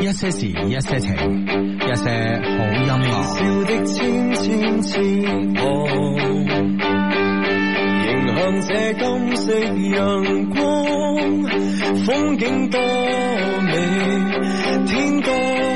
一些事一些情，一些好音樂，笑的千千次，我迎向這金色陽光，風景多美天多美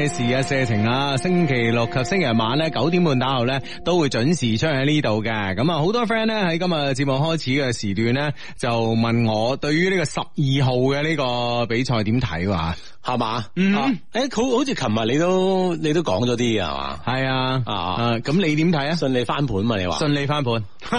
嘅事啊，射程啊，星期六及星期日晚咧九點半打後咧都會準時出現喺呢度嘅。咁啊，好多 friend 咧喺今日節目開始嘅時段咧就問我對於呢個十二號嘅呢個比賽點睇話。係嘛，嗯，誒、啊，好好似琴日你都你都講咗啲嘢係嘛，係啊，啊，咁你點睇啊？順利翻盤嘛，你話？順利翻盤，誒、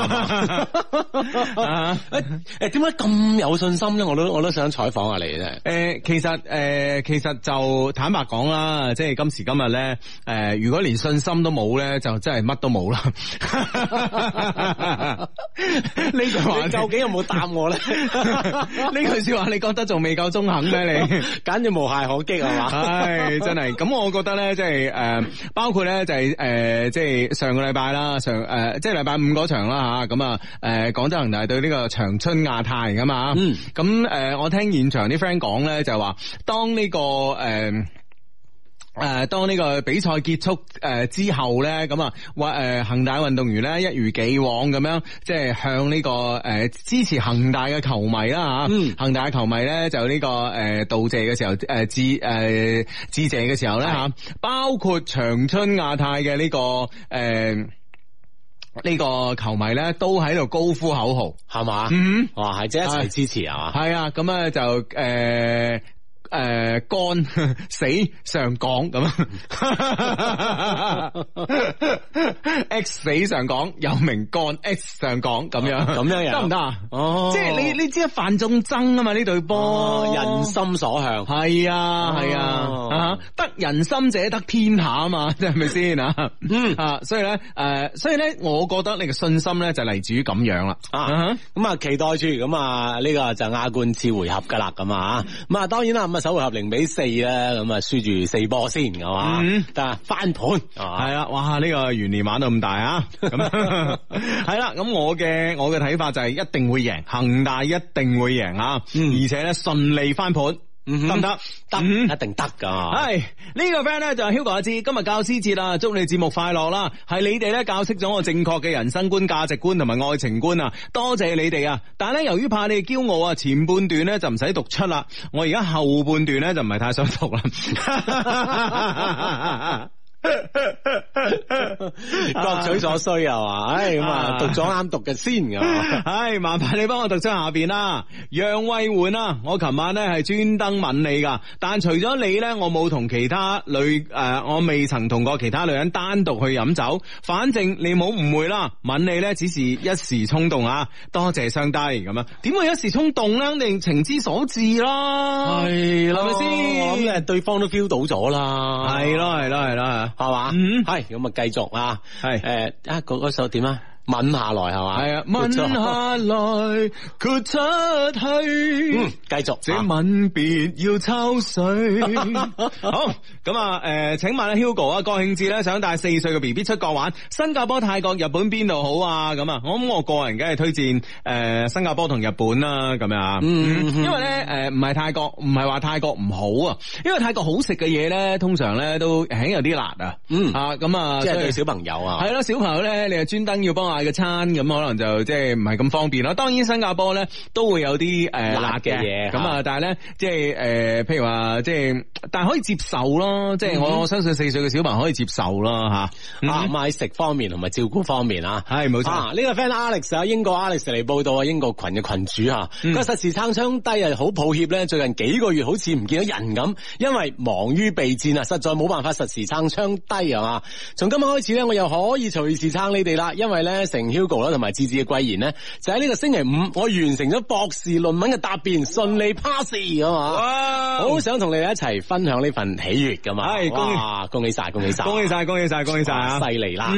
欸，點解咁有信心咧？我都我都想採訪下你啫。誒、欸，其實誒、欸，其實就坦白講啦，即係今時今日咧，誒、欸，如果連信心都冇咧，就真係乜都冇啦。呢句話究竟有冇答我咧？呢 句說話你覺得仲未夠中肯咩？ 你簡直無限。好激係嘛？ 係真係咁，我覺得咧、就是，即係誒，包括咧就係、是、誒，即、呃、係、就是、上個禮拜啦，上誒，即係禮拜五嗰場啦吓，咁啊誒，廣州恒大對呢個長春亞泰㗎嘛，咁、嗯、誒、呃，我聽現場啲 friend 講咧，就係話當呢、這個誒。呃誒，當呢個比賽結束誒之後咧，咁啊，運誒恒大運動員咧一如既往咁樣，即係向呢個誒支持恒大嘅球迷啦吓，嗯、恒大嘅球迷咧就呢個誒道謝嘅時候，誒致誒致謝嘅時候咧吓，包括長春亞泰嘅呢個誒呢、呢個球迷咧都喺度高呼口號，係嘛？嗯，哇係，一齊支持係嘛？係啊，咁啊就誒。呃誒、呃，幹死上港咁啊！X 死上港，又 名幹 X 上港咁樣，咁樣樣得唔得啊？哦，即係你你知啊，犯眾憎啊嘛，呢對波、哦、人心所向，係啊係啊、哦、啊，得人心者得天下啊嘛，即係咪先啊？嗯啊，所以咧誒、啊，所以咧，我覺得你嘅信心咧就嚟自於咁樣啦啊，咁啊，啊，期待住咁啊，呢、這個就亞冠次回合噶啦，咁啊，咁啊，當然啦，咁啊。首合零比四啦，咁、嗯、啊輸住四波先係嘛，但係翻盤係啦，哇，呢、這個元年玩到咁大啊！咁係啦，咁 我嘅我嘅睇法就係一定會贏，恒大一定會贏啊、嗯！而且咧順利翻盤。得唔得？得，一定得噶係、嗯、呢、這個 friend 咧就係 Hugo 阿志，今日教師節啦，祝你節目快樂啦。係你哋咧教識咗我正確嘅人生觀、價值觀同埋愛情觀啊，多謝你哋啊！但係咧，由於怕你哋驕傲啊，前半段咧就唔使讀出啦。我而家後半段咧就唔係太想讀啦。 各 取所需啊嘛，唉咁啊，哎、讀咗啱讀嘅先噶，唉、哎，麻煩你幫我讀出下邊啦。楊慧媛啊，我琴晚咧係專登吻你噶，但除咗你咧，我冇同其他女誒，我未曾同過其他女人單獨去飲酒。反正你冇誤會啦，吻你咧只是一時衝動啊，多謝上帝咁啊，點會一時衝動咧？定情之所至啦，係啦咪先？我諗誒，對方都 feel 到咗啦，係咯係咯係咯。係嘛？嗯，係咁啊，繼續啊，係誒、呃，啊，嗰首點啊？吻下來係嘛？係啊，吻下來豁出去。嗯，繼續。這吻別要抽水。好咁啊，誒，請問咧、 呃、，Hugo 啊，國慶節咧想帶四歲嘅 B B 出國玩，新加坡、泰國、日本邊度好啊？咁啊，我諗我個人梗係推薦誒、呃、新加坡同日本啦、啊，咁樣啊、嗯嗯。因為咧，誒唔係泰國，唔係話泰國唔好啊，因為泰國好食嘅嘢咧，通常咧都係有啲辣啊。嗯啊，咁啊，即係對小朋友啊。係咯，小朋友咧，你又專登要幫買個餐，咁可能就即係唔係咁方便囉。當然新加坡咧都會有啲誒、呃、辣嘅嘢咁啊，但係咧、啊、即係誒、呃，譬如話即係，但係可以接受咯。即、嗯、係、就是、我相信四歲嘅小朋友可以接受啦吓、嗯。啊，買食方面同埋照顧方面、嗯、錯啊，係冇錯。呢個 friend Alex 啊，英國 Alex 嚟報道啊，英國群嘅群主啊，個、嗯、實時撐槍低啊，好抱歉咧，最近幾個月好似唔見到人咁，因為忙於備戰啊，實在冇辦法實時撐槍低啊嘛。從今日開始咧，我又可以隨時撐你哋啦，因為咧。成 Hugo 啦，同埋芝芝嘅桂賢呢，就喺、是、呢個星期五，我完成咗博士論文嘅答辯，順利 pass 嘅嘛，好想同你哋一齊分享呢份喜悅噶嘛，哇，恭喜晒，恭喜晒，恭喜晒，恭喜晒，恭喜晒，犀利啦，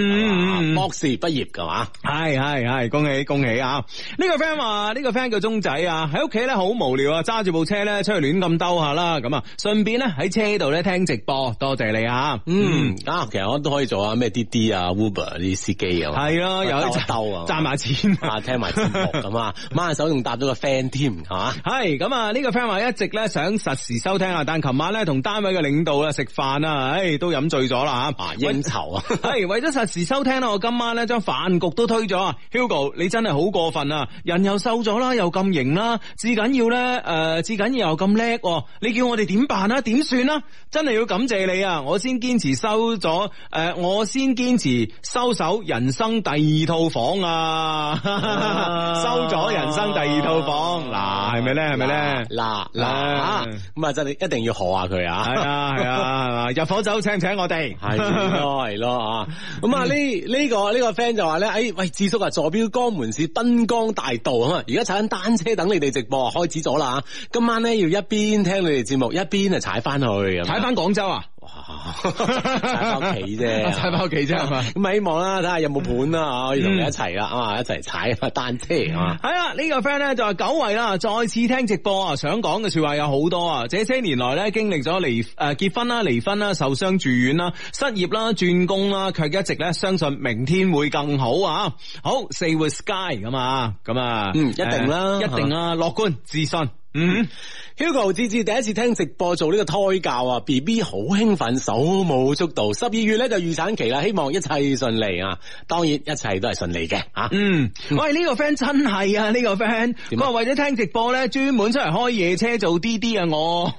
博士畢業嘅嘛，係係係，恭喜恭喜啊！呢、這個 friend 話呢個 friend 叫鍾仔啊，喺屋企咧好無聊啊，揸住部車咧出去亂咁兜下啦，咁啊，順便咧喺車度咧聽直播，多謝，謝你啊，嗯，啊，其實我都可以做下咩滴滴啊、Uber 啲司機啊，係咯。有兜鬥鬥啊，賺埋錢啊， 聽埋節目咁啊，晚下手仲搭咗個 friend 添，係嘛？係咁啊，呢個 friend 話一直咧想實時收聽啊，但琴晚咧同單位嘅領導咧食飯啊，唉都飲醉咗啦吓，應酬啊，係為咗 實時收聽咧，我今晚咧將飯局都推咗 ，Hugo 啊。你真係好過分啊！人又瘦咗啦，又咁型啦，至緊要咧誒，至、呃、緊要又咁叻，你叫我哋點辦啊？點算啊？真係要感謝你啊，我先堅持收咗誒、呃，我先堅持收手，人生第二。.第二套房啊，啊收咗人生第二套房，嗱係咪咧？係咪咧？嗱嗱，咁啊真係、啊啊啊啊啊、一定要賀下佢啊！係啊係啊，入房酒請唔請我哋？係咯係咯啊！咁啊呢呢個呢、這個 friend 就話咧，哎喂，智叔啊，坐標江門市燈光大道啊，而家踩緊單車等你哋直播開始咗啦！今晚咧要一邊聽你哋節目，一邊啊踩翻去，踩翻廣州啊！哇！翻屋企啫， 踩翻屋企啫係嘛，咁希望啦，睇下有冇盤啦， 可以同你一齊啦，嗯、啊，一齊踩下單車啊！係、嗯、啊，呢、這個 friend 咧就係久違啦，再次聽直播啊，想講嘅說話有好多啊，這些年來咧經歷咗離誒結婚啦、離婚啦、受傷住院啦、失業啦、轉工啦，卻一直咧相信明天會更好啊！好，Stay with Sky 咁啊，咁啊，嗯，一定啦，一定啊，樂觀自信。嗯，Hugo 智智第一次聽直播做呢個胎教啊，B B 好興奮，手舞足蹈。十二月咧就預產期啦，希望一切順利啊。當然一切都係順利嘅啊。嗯，喂，呢、這個 friend 真係啊，呢、這個 friend，我為咗聽直播咧，專門出嚟開夜車做 D D 啊，我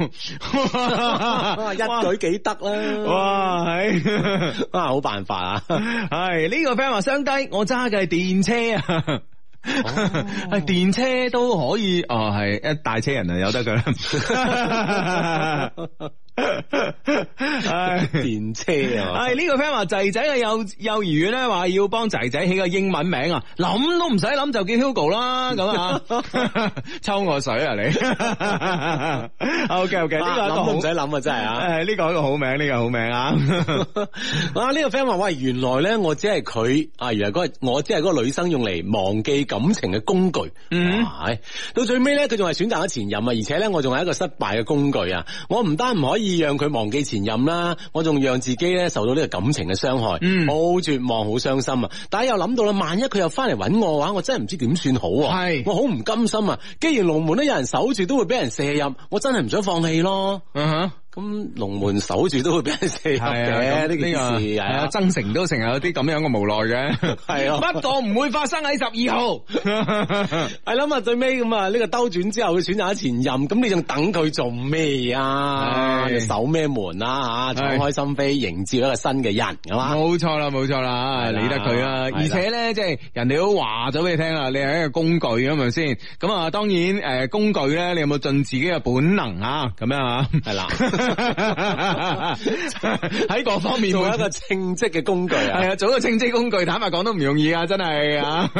一舉幾得啦。哇，係 哇， 好辦法啊。係 呢、這個 friend 話雙低，我揸嘅係電車啊。係、哦、 電車都可以，哦，係一大車人啊，有得噶啦。唉 電車啊！係、哎、呢、這個 friend 話仔仔嘅幼幼兒園咧，話要幫仔仔起個英文名啊，諗都唔使諗就叫 Hugo 啦，咁啊，抽我水啊你 ！OK OK，呢、啊這個係一個好，諗唔使諗啊，真係啊！誒、哎，呢、這個係一個好名，呢、這個好名啊！哇、啊，呢、這個 friend 話喂，原來咧我只係佢啊，原來嗰個我只係嗰個女生用嚟忘記感情嘅工具，嗯，哎、到最尾咧佢仲係選擇咗前任啊，而且咧我仲係一個失敗嘅工具啊，我唔單唔可以，以讓佢忘記前任啦，我仲讓自己咧受到呢個感情嘅傷害，嗯、好絕望，好傷心啊！但係又諗到啦，萬一佢又翻嚟揾我嘅話，我真係唔知點算好啊！係、我好唔甘心啊！既然龍門都有人守住，都會俾人射入，我真係唔想放棄咯。嗯哼。咁龍門守住都會俾你四殺嘅，呢件事係啊，增城都成日有啲咁樣嘅無奈嘅，係啊，乜都唔會發生喺十二號，係啦嘛，最尾咁啊，呢個兜轉之後佢選擇咗前任，咁你仲等佢做咩啊？你守咩門啊？吓敞、啊、開心扉迎接一個新嘅人噶嘛？冇錯啦，冇錯啦，理得佢啊，啊！而且咧，即係、啊、人哋都話咗俾你聽啦，你係一個工具咁係咪先？咁啊，當然誒，工具咧，你有冇盡自己嘅本能啊？咁樣啊？係啦、啊。 喺 各方面做一個稱職嘅工具啊，係啊，做一個稱職工具，坦白講都唔容易啊，真係啊，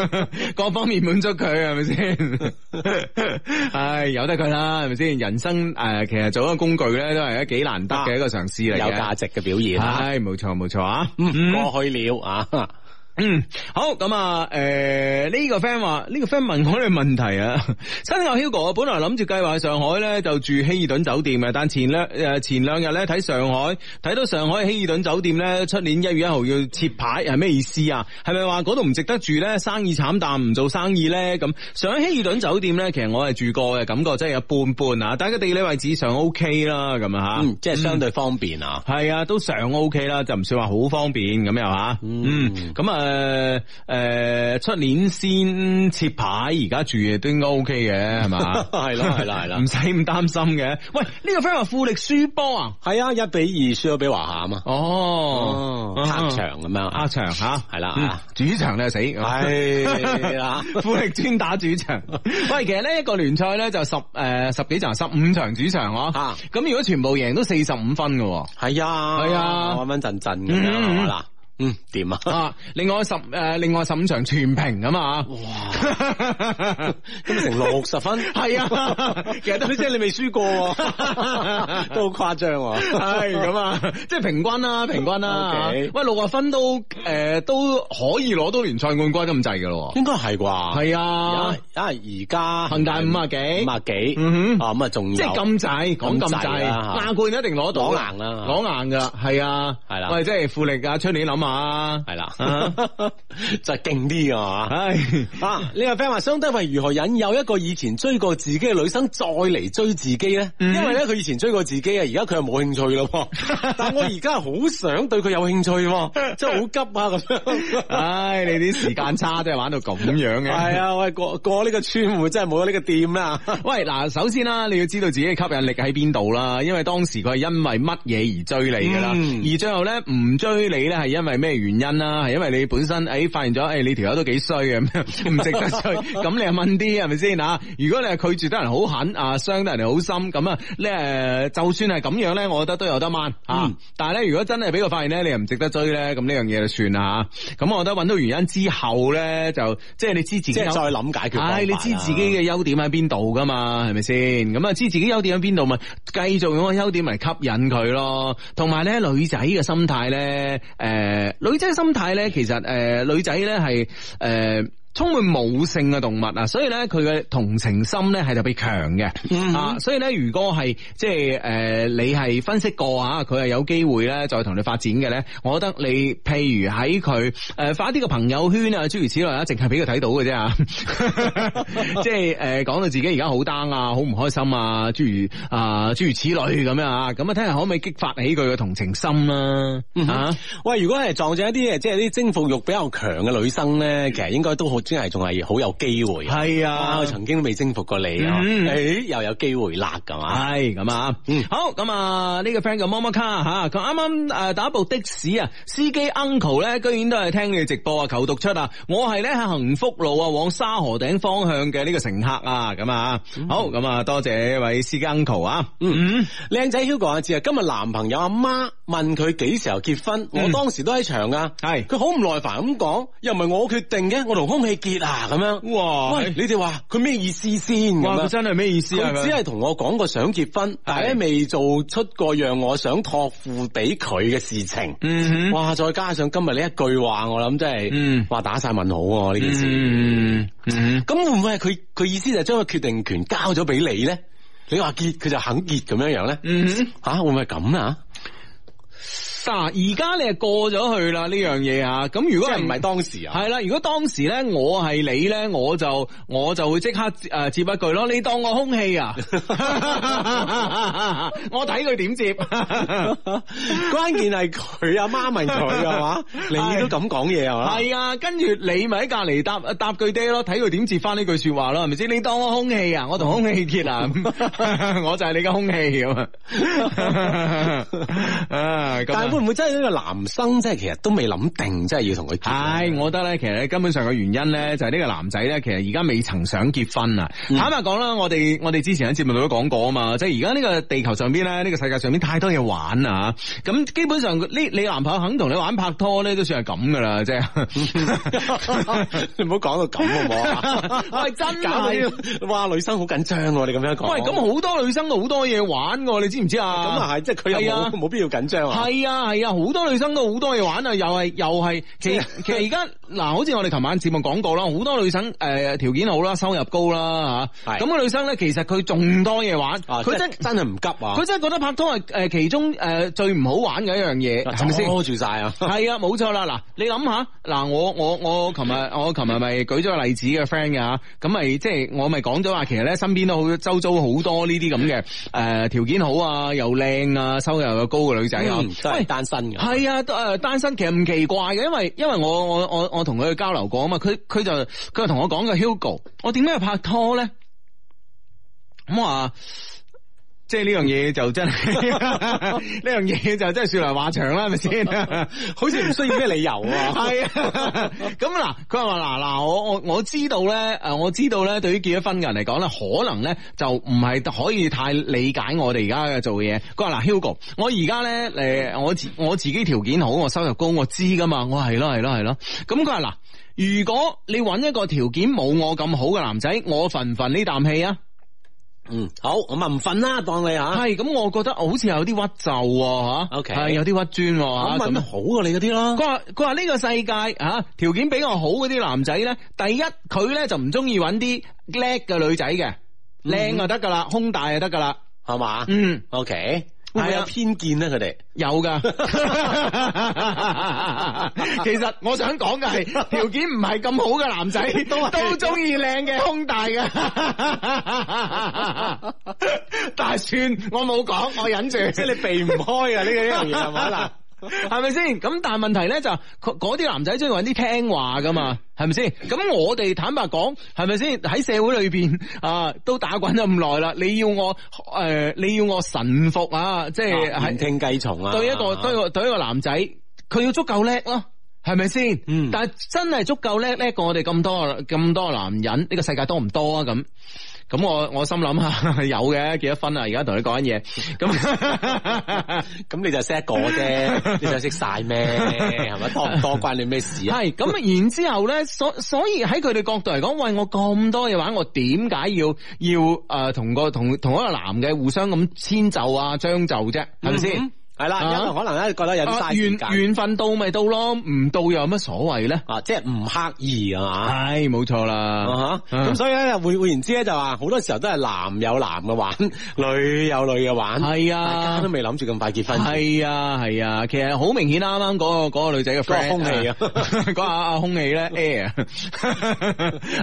各方面滿足佢係咪先？是是 唉，由得佢啦，係咪先？人生誒、呃，其實做一個工具咧，都係一幾難得嘅一個嘗試嚟、啊，有價值嘅表現、啊。唉，冇錯冇錯啊、嗯，過去了啊。嗯，好咁啊，誒、呃、呢、這個 friend 話呢個 friend 問我哋問題啊，新友 Hugo 啊，本來諗住計劃上海咧，就住希爾頓酒店啊，但前兩誒前兩日咧睇上海，睇到上海希爾頓酒店咧出年一月一號要撤牌，係咩意思啊？係咪話嗰度唔值得住咧？生意慘淡，淡，唔做生意咧？咁上海希爾頓酒店咧，其實我係住過嘅，感覺真係一般般啊，但係個地理位置上 OK 啦，咁啊吓，即係相對方便啊。係、嗯、啊，都上 OK 啦，就唔算話好方便咁樣吓。嗯、咁、嗯、啊。誒、呃、誒，出年先切牌，而家住嘢都應該 OK 嘅，係嘛？係 啦，係啦，唔使咁擔心嘅。喂，呢、這個 friend 話富力輸波啊？係啊，一比二輸咗俾華夏啊嘛。哦，客、哦啊、場咁樣，客場吓係啦，主場、啊、主場就死係啦， 富力專打主場。 喂，其實呢一個聯賽咧就十誒十幾場，十五場主場啊。咁如果全部贏都四十五分嘅，係啊係啊，穩穩陣陣嘅啦。嗯，點啊？啊，另外十誒，另外十五場全平啊嘛，哇，咁成六十分，係啊，其實都即係你未輸過、啊，都好誇張，係咁啊，即、就、係、是、平均啦、啊，平均啦、啊 okay，喂，六啊分都誒、呃，都可以攞到聯賽冠軍咁制噶咯，應該係啩，係、嗯、啊，啊而家恒大五啊幾，五啊幾，咁啊仲即係咁制，講咁制，亞冠一定攞到硬啦，攞硬噶，係啊，係啦，喂即係富力啊，出年諗。係啦、啊，就係勁啲啊！唉、啊，呢個 friend 話，相得云如何引誘一個以前追過自己嘅女生再嚟追自己咧、嗯？因為咧佢以前追過自己啊，而家佢又冇興趣咯、啊。但我而家好想對佢有興趣，真係好急啊！咁樣，唉、啊啊，你啲時間差 真係玩到咁樣嘅、啊。係啊，喂，過過呢個村戶真係冇咗呢個店啦。喂，嗱，首先啦，你要知道自己嘅吸引力喺邊度啦，因為當時佢係因為乜嘢而追你噶啦、嗯，而最後咧唔追你咧係因為。係咩原因啦？係因為你本身誒、欸、發現咗誒、欸，你條友都幾衰嘅，唔值得追。咁 你又問啲係咪先？如果你係拒絕得人好狠啊，傷得人好深，咁啊咧，就算係咁樣咧，我覺得都有得問、啊嗯、但係咧，如果真係俾佢發現咧，你又唔值得追咧，咁呢樣嘢就算啦咁、啊、我覺得揾到原因之後咧，就即係你知自己再諗解決、哎。你知自己嘅優點喺邊度噶嘛？係咪先？咁啊，知自己優點喺邊度咪繼續用個優點嚟吸引佢咯？同埋咧，女仔嘅心態咧，誒、呃。女仔心態咧，其實誒、呃，女仔咧係誒、呃充滿母性嘅動物的的、嗯、啊，所以咧佢嘅同情心咧係特別強嘅啊，所以咧如果係即係誒、呃、你係分析過吓，佢、啊、係有機會咧再同你發展嘅咧，我覺得你譬如喺佢誒發啲嘅朋友圈啊，諸如此類啊，淨係俾佢睇到嘅啫啊， 即係誒講到自己而家好 down 啊，好唔開心啊，諸如啊諸如此類咁樣啊，咁啊聽下可唔可以激發起佢嘅同情心啊？吓、啊嗯，喂，如果係撞正一啲誒，即係啲徵服欲比較強嘅女生咧，其實應該都好。真係仲係好有機會、啊，係啊！曾經都未征服過你啊！誒、嗯哎、又有機會辣噶嘛？係咁啊！嗯、好咁、這個、啊！呢個 friend 個摩摩卡嚇，佢啱啱誒打部的士啊，司機 uncle 咧居然都係聽佢直播啊！求讀出啊！我係咧喺幸福路啊，往沙河頂方向嘅呢個乘客啊！咁啊、嗯、好咁啊！多謝呢位司機 uncle 啊！嗯嗯，靚仔 Hugo 阿志啊，今日男朋友阿媽，媽問佢幾時候結婚，嗯、我當時都喺場啊。係佢好唔耐煩咁講，又唔係我決定嘅，我同空氣。結啊咁樣哇！喂，你哋話佢咩意思先？佢真係咩意思？佢只係同我講過想結婚，但係咧未做出過讓我想託付俾佢嘅事情。哇！再加上今日呢一句話，我諗真係，嗯，話打晒問號呢、啊嗯、件事。咁、嗯嗯、會唔會係佢佢意思就將個決定權交咗俾你咧？你話結，佢就肯結咁樣樣咧？嗯吓會唔會係咁啊？會嗱，而家你係過咗去啦呢樣嘢啊，咁、啊、如果係唔係當時啊？係啦、啊，如果當時咧，我係你咧，我就我就會即刻誒接、啊、接一句咯，你當我空氣啊， 我睇佢點接， 關鍵係佢阿媽咪佢嘅嘛，啊、 你都咁講嘢係嘛？係啊，啊，跟住你咪喺隔籬答搭句爹咯、啊，睇佢點接翻呢句說話咯、啊，係咪先？你當我空氣啊，我同空氣貼 啊，我就係你嘅空氣咁啊。但會唔會真係呢個男生，即係其實都未諗定真，即係要同佢？唉，我覺得咧，其實根本上嘅原因咧，就係呢個男仔咧，其實而家未曾想結婚啊、嗯。坦白講啦，我哋我哋之前喺節目都講過啊嘛，即係而家呢個地球上邊咧，呢、這個世界上邊太多嘢玩啊。咁基本上呢，你男朋友肯同你玩拍拖咧，都算係咁噶啦，即係。 你唔好講到咁好唔好？我 係真。哇，女生好緊張，你咁樣講。喂，咁好多女生都好多嘢玩，你知唔知、就是、啊？咁啊係，即係佢有冇冇必要緊張啊？係啊。係啊，好多女生都好多嘢玩啊，又係又係、就是，其其實而家嗱，好似我哋琴晚節目講過啦，好多女生誒條、呃、件好啦，收入高啦吓，咁個、那個、女生咧，其實佢仲多嘢玩，佢、啊、真真係唔急啊，佢真係覺得拍拖係誒其中誒、呃、最唔好玩嘅一樣嘢，係咪先拖住晒啊？係 啊，冇錯啦，嗱你諗下，嗱我我我琴日 我琴日咪舉咗個例子嘅 friend 嘅，咁咪即係我咪講咗話，其實咧身邊都好周遭好多呢啲咁嘅誒條件好啊，又靚啊，收入又高嘅女仔啊，嗯單身嘅係啊，誒、呃、單身其實唔奇怪嘅，因為因為我我我我同佢去交流過啊嘛，佢佢就佢就同我講嘅 Hugo，我點解要拍拖咧？咁啊。即係呢樣嘢就真係呢樣嘢就真係說來話長啦，係咪先？ 好似唔需要咩理由啊？係 啊，咁嗱，佢話嗱、嗱，我我我知道咧，誒，我知道咧，我知道對於結咗婚嘅人嚟講咧，可能咧就唔係可以太理解我哋而家嘅做嘢。佢話嗱，Hugo，我而家咧誒，我自我自己條件好，我收入高，我知噶嘛，我係咯、係咯、係咯。咁佢話嗱，如果你揾一個條件冇我咁好嘅男仔，我忿唔忿呢啖氣啊？嗯，好，咁啊唔瞓啦，當你吓、啊、係，咁我覺得我好似有啲屈就吓、啊，係、okay. 有啲屈尊喎、啊，咁咪好過、啊、你嗰啲咯。佢話佢話呢個世界、啊、條件比較好嗰啲男仔咧，第一佢咧就唔中意搵啲叻嘅女仔嘅，靚、嗯、就得噶啦，胸大就得噶啦，係嘛？嗯，OK。會唔會有偏見咧，佢哋有㗎 其實我想講嘅係條件唔係咁好嘅男仔 都都中意靚嘅胸大嘅的。 但係算我冇講，我忍住，即係你避唔開啊！呢個呢樣嘢係咪嗱？係咪先？咁但係問題咧就嗰、是、啲男仔即係搵啲聽話噶嘛，係咪先？咁 我哋坦白講，係咪先？喺社會裏邊啊，都打滾咗咁耐啦。你要我誒、呃，你要我臣服啊，即係係聽計從啊。對一個對一個對一個男仔，佢要足夠叻咯，係咪先？嗯但，但係真係足夠叻叻過我哋咁多咁多男人，呢、這個世界多唔多啊？咁。咁我我心諗下，有嘅幾多分呀、啊？而家同你講嘢，咁咁 你就識一個啫，你就識晒咩？係咪？多唔多關你咩事啊？係咁，然之後咧，所以所以喺佢哋角度嚟講，喂，我咁多嘅話，我點解要要誒、呃、同個同同一個男嘅互相咁遷就啊、將就啫、啊？係咪先？嗯嗯係啦，有可能咧覺得有啲嘥時間。緣緣份到咪到咯，唔到又有乜所謂咧？啊，即係唔刻意啊嘛。係，冇錯啦。咁所以咧，會換言之咧就話，好多時候都係男有男嘅玩，女有女嘅玩。係啊，大家都未諗住咁快結婚。係啊，係啊，啊，其實好明顯啱啱嗰個、嗰個女仔嘅 friend，空氣、啊，講下阿空氣咧 air，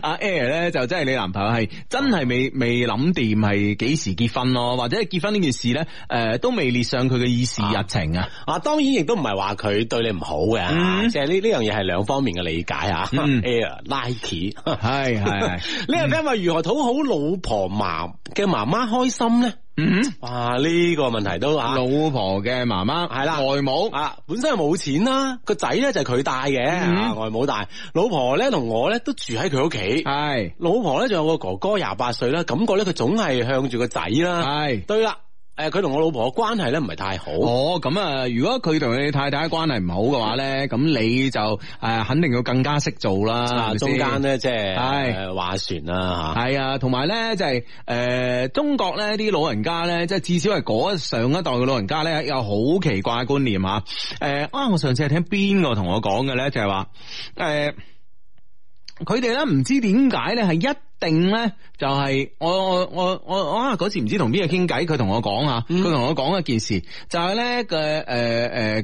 阿、 啊、air 咧就真係你男朋友係真係未未諗掂係幾時結婚咯，或者係結婚呢件事咧，誒都未列上佢嘅意思。日程啊，啊，當然亦都唔係話佢對你唔好嘅，即係呢呢樣嘢係兩方面嘅理解吓。Air Nike，係係係，呢係咪如何討好老婆媽嘅媽媽開心咧？嗯，哇、啊，呢、這個問題都啊，老婆嘅媽媽係啦，外母啊，本身係冇錢啦，個仔咧就係佢帶嘅，外母帶，老婆咧同我咧都住喺佢屋企，係，老婆咧仲有個哥哥廿八歲啦，感覺咧佢總係向住個仔啦，係，對啦。誒，佢同我老婆嘅關係咧唔係太好。哦，咁啊，如果佢同你太太嘅關係唔好嘅話咧，咁你就誒肯定要更加識做啦。啊，中間咧即係話船啦係係啊，同埋咧就係、是、誒、呃，中國咧啲老人家咧，即係至少係嗰上一代嘅老人家咧，有好奇怪觀念啊。誒、呃，我上次係聽邊個同我講嘅咧，就係話誒，佢哋咧唔知點解咧係一。定咧就係我我我我我啊嗰次唔知同邊個傾偈，佢同我講啊，佢同我講一件事，就係咧嘅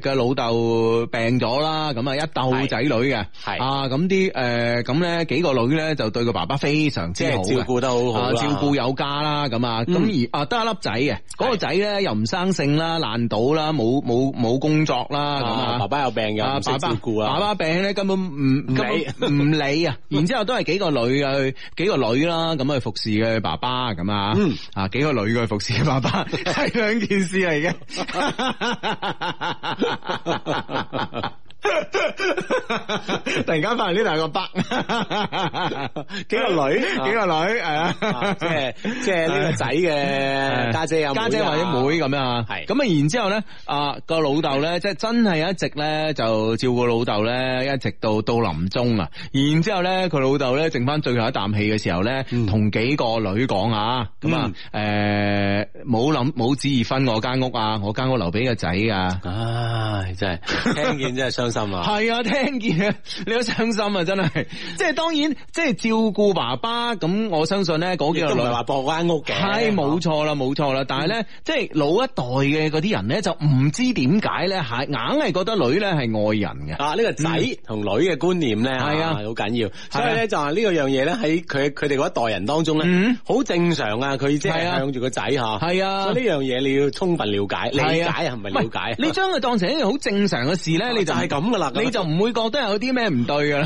誒誒嘅老豆病咗啦，咁啊一斗仔女嘅係啊，咁啲誒咁咧幾個女咧就對個爸爸非常之好，照顧得好好啦，照顧有加啦，咁啊咁而啊得一粒仔嘅，嗰個仔咧又唔生性啦，爛賭啦，冇冇冇工作啦，咁啊爸爸有病又唔識照顧啊，爸爸病咧根本唔唔唔理啊，然之後都係幾個女啊幾個女。女啦，咁去服侍嘅爸爸咁啊，啊幾個女嘅去服侍爸爸，係、嗯、兩件事嚟嘅。 突然間發現呢度係個伯 幾個女、啊，幾個女，幾個女，係啊，啊，即係即係呢個仔嘅家姐啊，家姐，姐，姐，姐或者妹咁樣啊。係咁啊，然之後咧，啊個老豆咧，即、就、係、是、真係一直咧就照顧老豆咧，一直到到臨終啊。然之後咧，佢老豆咧剩翻最後一啖氣嘅時候咧，同、嗯、幾個女講、嗯、啊，咁、呃、啊，誒，冇諗冇旨意分我間屋啊，我間屋留俾個仔啊。唉、啊，真係 聽見真係心啊，係啊，聽見啊，你好傷心啊，真係，即係當然，即係照顧爸爸咁，那我相信咧，嗰叫唔係話博間屋嘅，係冇錯啦，冇錯啦，但係咧，嗯、即係老一代嘅嗰啲人咧，就唔知點解咧，係硬係覺得女咧係外人嘅啊，呢、呢個仔同女嘅觀念咧，係、嗯、啊，好緊要，啊、所以咧就話呢個樣嘢咧，喺佢佢哋嗰一代人當中咧，好、嗯、正常佢就係向住係啊，佢即係向住個仔吓，係啊，呢樣嘢你要充分了解，係啊、理解係咪了解？你將佢當成一樣好正常嘅事咧，你、啊、就係、係咁啦，你就唔會覺得有啲咩唔對噶？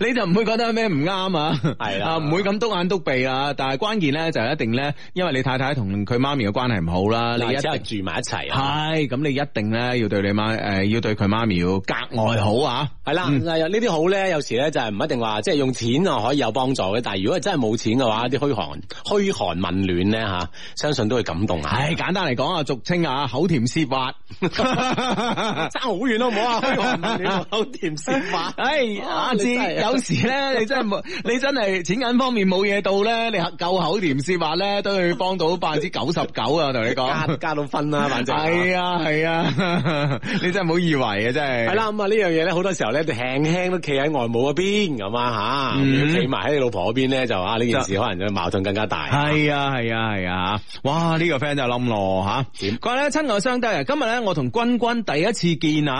你就唔會覺得有咩唔啱啊？係啦，唔會咁篤眼篤鼻啊！但係關鍵咧就一定咧，因為你太太同佢媽咪嘅關係唔好啦，你一定住埋一齊。係、哎、咁，你一定咧要對你媽誒、呃，要對佢媽咪要格外好啊！係啦，嗯、呢啲好咧，有時咧就係唔一定話即係用錢啊可以有幫助嘅，但係如果真係冇錢嘅話，啲噓寒噓寒問暖咧吓，相信都會感動下。係、哎，簡單嚟講啊， 俗稱啊口甜舌滑，爭好。唔好啊！口甜舌滑，哎阿志，有時咧你真係冇，你真係錢銀方面冇嘢，到咧，你夠口甜舌滑咧，都去幫到百分之九十九啊！同你講加到分啦，反正係啊係啊，你真係唔好以為啊，真係係啦咁啊！呢樣嘢咧，好多時候咧，就輕輕都企喺外母嗰邊咁啊吓，如果企埋喺你老婆嗰邊咧，就話呢件事可能就矛盾更加大。係啊係啊係啊吓！哇呢個 friend 就冧咯吓！佢咧親愛嘅雙爹啊，今日咧我同君君第一次見啊！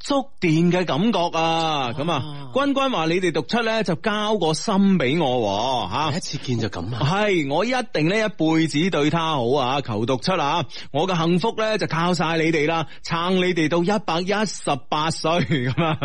觸電嘅感覺啊，咁啊，啊，君君話你哋讀出咧就交個心俾我吓、啊，第一次見就咁啊，係我一定咧一輩子對他好啊，求讀出啊，我嘅幸福咧就靠晒你哋啦，撐你哋到一百一十八歲咁啊，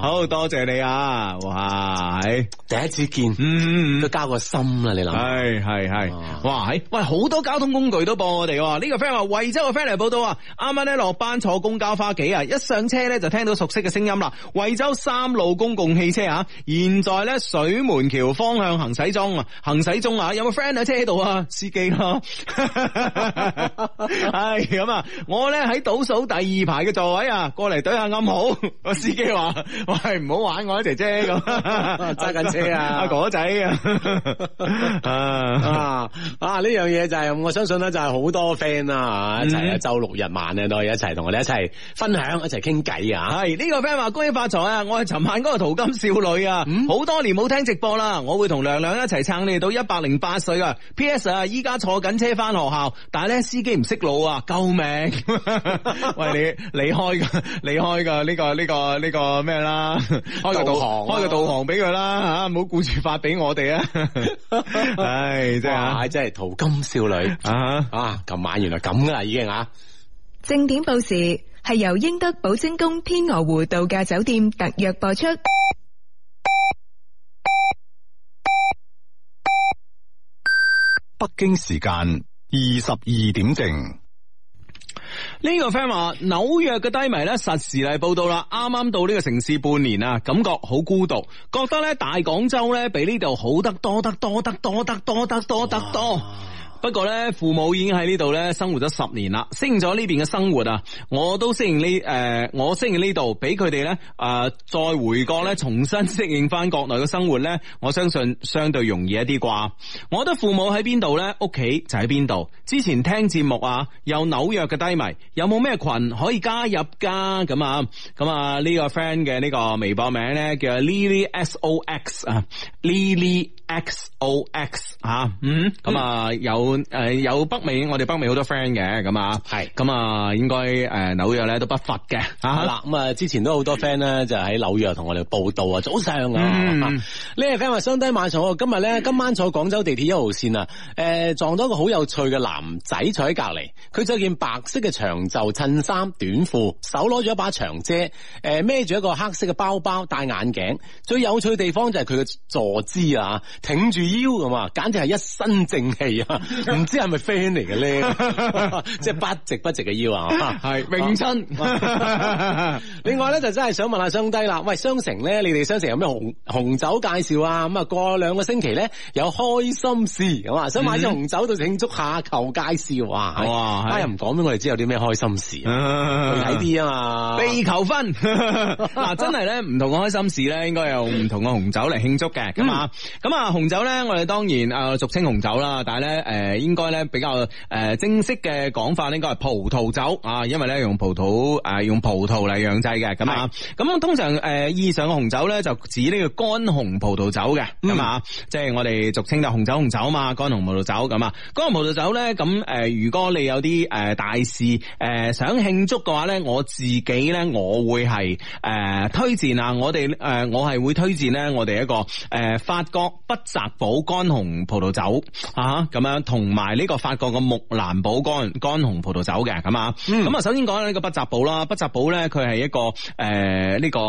好多謝你啊，哇，第一次見，都、嗯、交個心啦、啊，你諗，係係係，哇，喂、欸，好多交通工具都幫我哋、啊，呢、呢個 friend 話惠州嘅 friend 嚟報道啊，啱啱咧落班坐公交返屋企啊，一上車咧就。聽到熟悉嘅聲音啦，惠州三路公共汽車啊，現在咧水門橋方向行駛中，行駛中啊，行駛中啊，有冇 friend 喺車度啊？司機咯，係咁啊！我咧喺倒數第二排嘅座位啊，過嚟懟下暗號個 司機話：，喂，唔好玩我姐姐啫，咁揸緊車啊！阿 哥、啊、仔啊， 啊 啊呢樣嘢就係、係，我相信咧就係好多 friend 啦，啊，一齊啊，周、嗯、六日晚咧都可以一齊同我哋一齊分享，一齊傾偈啊！係、呢、呢個 friend 話恭喜發財啊！我係尋晚嗰個淘金少女啊，好多年冇聽直播啦。我會同娘娘一齊撐你到一百零八歲啊！PS 啊，依家坐緊車翻學校，但係咧司機唔識路啊，救命！ 喂，你你開個你開、呢個呢、呢個呢、呢個呢個咩啦？開個導航，開個導航俾佢啦吓，唔好顧住發俾我哋啊！啊 唉，即係啊、真係真係淘金少女啊啊！尋、啊啊啊、晚原來咁噶啦，已經啊！正點報時。係由英德寶晶宮天鵝湖度假酒店特約播出。北京時間二十二點正，呢個 friend 話紐約嘅低迷咧，實時嚟報道啦。啱啱到呢個城市半年啊，感覺好孤獨，覺得咧大廣州咧比呢度好得多得多得多得多得多得多。不過咧，父母已經喺呢度咧生活咗十年啦，適應咗呢邊嘅生活啊，我都適應呢誒，我適應呢度，俾佢哋咧誒再回國咧，重新適應翻國內嘅生活咧，我相信相對容易一啲啩。我覺得父母喺邊度咧，屋企就喺邊度。之前聽節目啊，有紐約嘅低迷，有冇咩群可以加入噶？咁啊，咁啊呢、呢個 friend 嘅呢個微博名咧叫 Lily S O X 啊，Lily X O X 啊，嗯、啊，咁、mm-hmm. 啊有。誒、呃，有北美，我哋北美好多 friend 嘅，咁啊，係，咁啊，應該誒紐約咧都不乏嘅。啊，咁、嗯、啊，之前都好多 friend 咧，就喺紐約同我哋報道啊，早上啊，呢個 friend 話，相、嗯、低晚上，今日咧，今晚坐廣州地鐵一號線啊，誒、呃，撞到一個好有趣嘅男仔坐喺隔籬，佢着件白色嘅長袖襯衫、短褲，手攞住一把長遮，誒、呃，孭住一個黑色嘅包包，戴眼鏡，最有趣嘅地方就係佢嘅坐姿啊，挺住腰咁啊，簡直係一身正氣啊！唔知係咪 friend 嚟嘅咧， 即係不值不值嘅腰 啊！係，明真。 另外咧，就真係想問下商低啦。喂，商城咧，你哋商城有咩紅紅酒介紹啊？咁啊，過兩個星期咧有開心事，咁啊，想買支紅酒就慶祝下求介紹哇！哇！啊，又唔講俾我哋知有啲咩開心事啊？睇啲啊嘛，被求婚嗱，真係咧唔同嘅開心事咧、啊 啊， 應該有唔同嘅紅酒嚟慶祝嘅。咁、嗯、啊，咁啊，紅酒咧，我哋當然啊，俗稱紅酒啦，但係咧，誒、呃。誒，應該咧比較誒正式嘅講法，應該係葡萄酒啊，因為咧用葡萄誒用葡萄嚟釀製嘅，咁啊，咁通常誒以上嘅紅酒咧就指呢個乾紅葡萄酒嘅，咁、嗯、啊，即係、就是、我哋俗稱就紅酒紅酒啊嘛，乾紅葡萄酒咁啊，乾紅葡萄酒咧咁誒，如果你有啲誒大事誒、呃、想慶祝嘅話咧，我自己咧我會係誒、呃、推薦啊，我哋誒、呃、我係會推薦咧我哋一個誒、呃、法國不澤寶乾紅葡萄酒咁、啊、樣同。同埋呢個法國嘅木蘭堡乾乾紅葡萄酒嘅咁啊，咁啊，首先講下呢個北澤堡啦，北澤堡咧佢係一個誒呢、呃這個。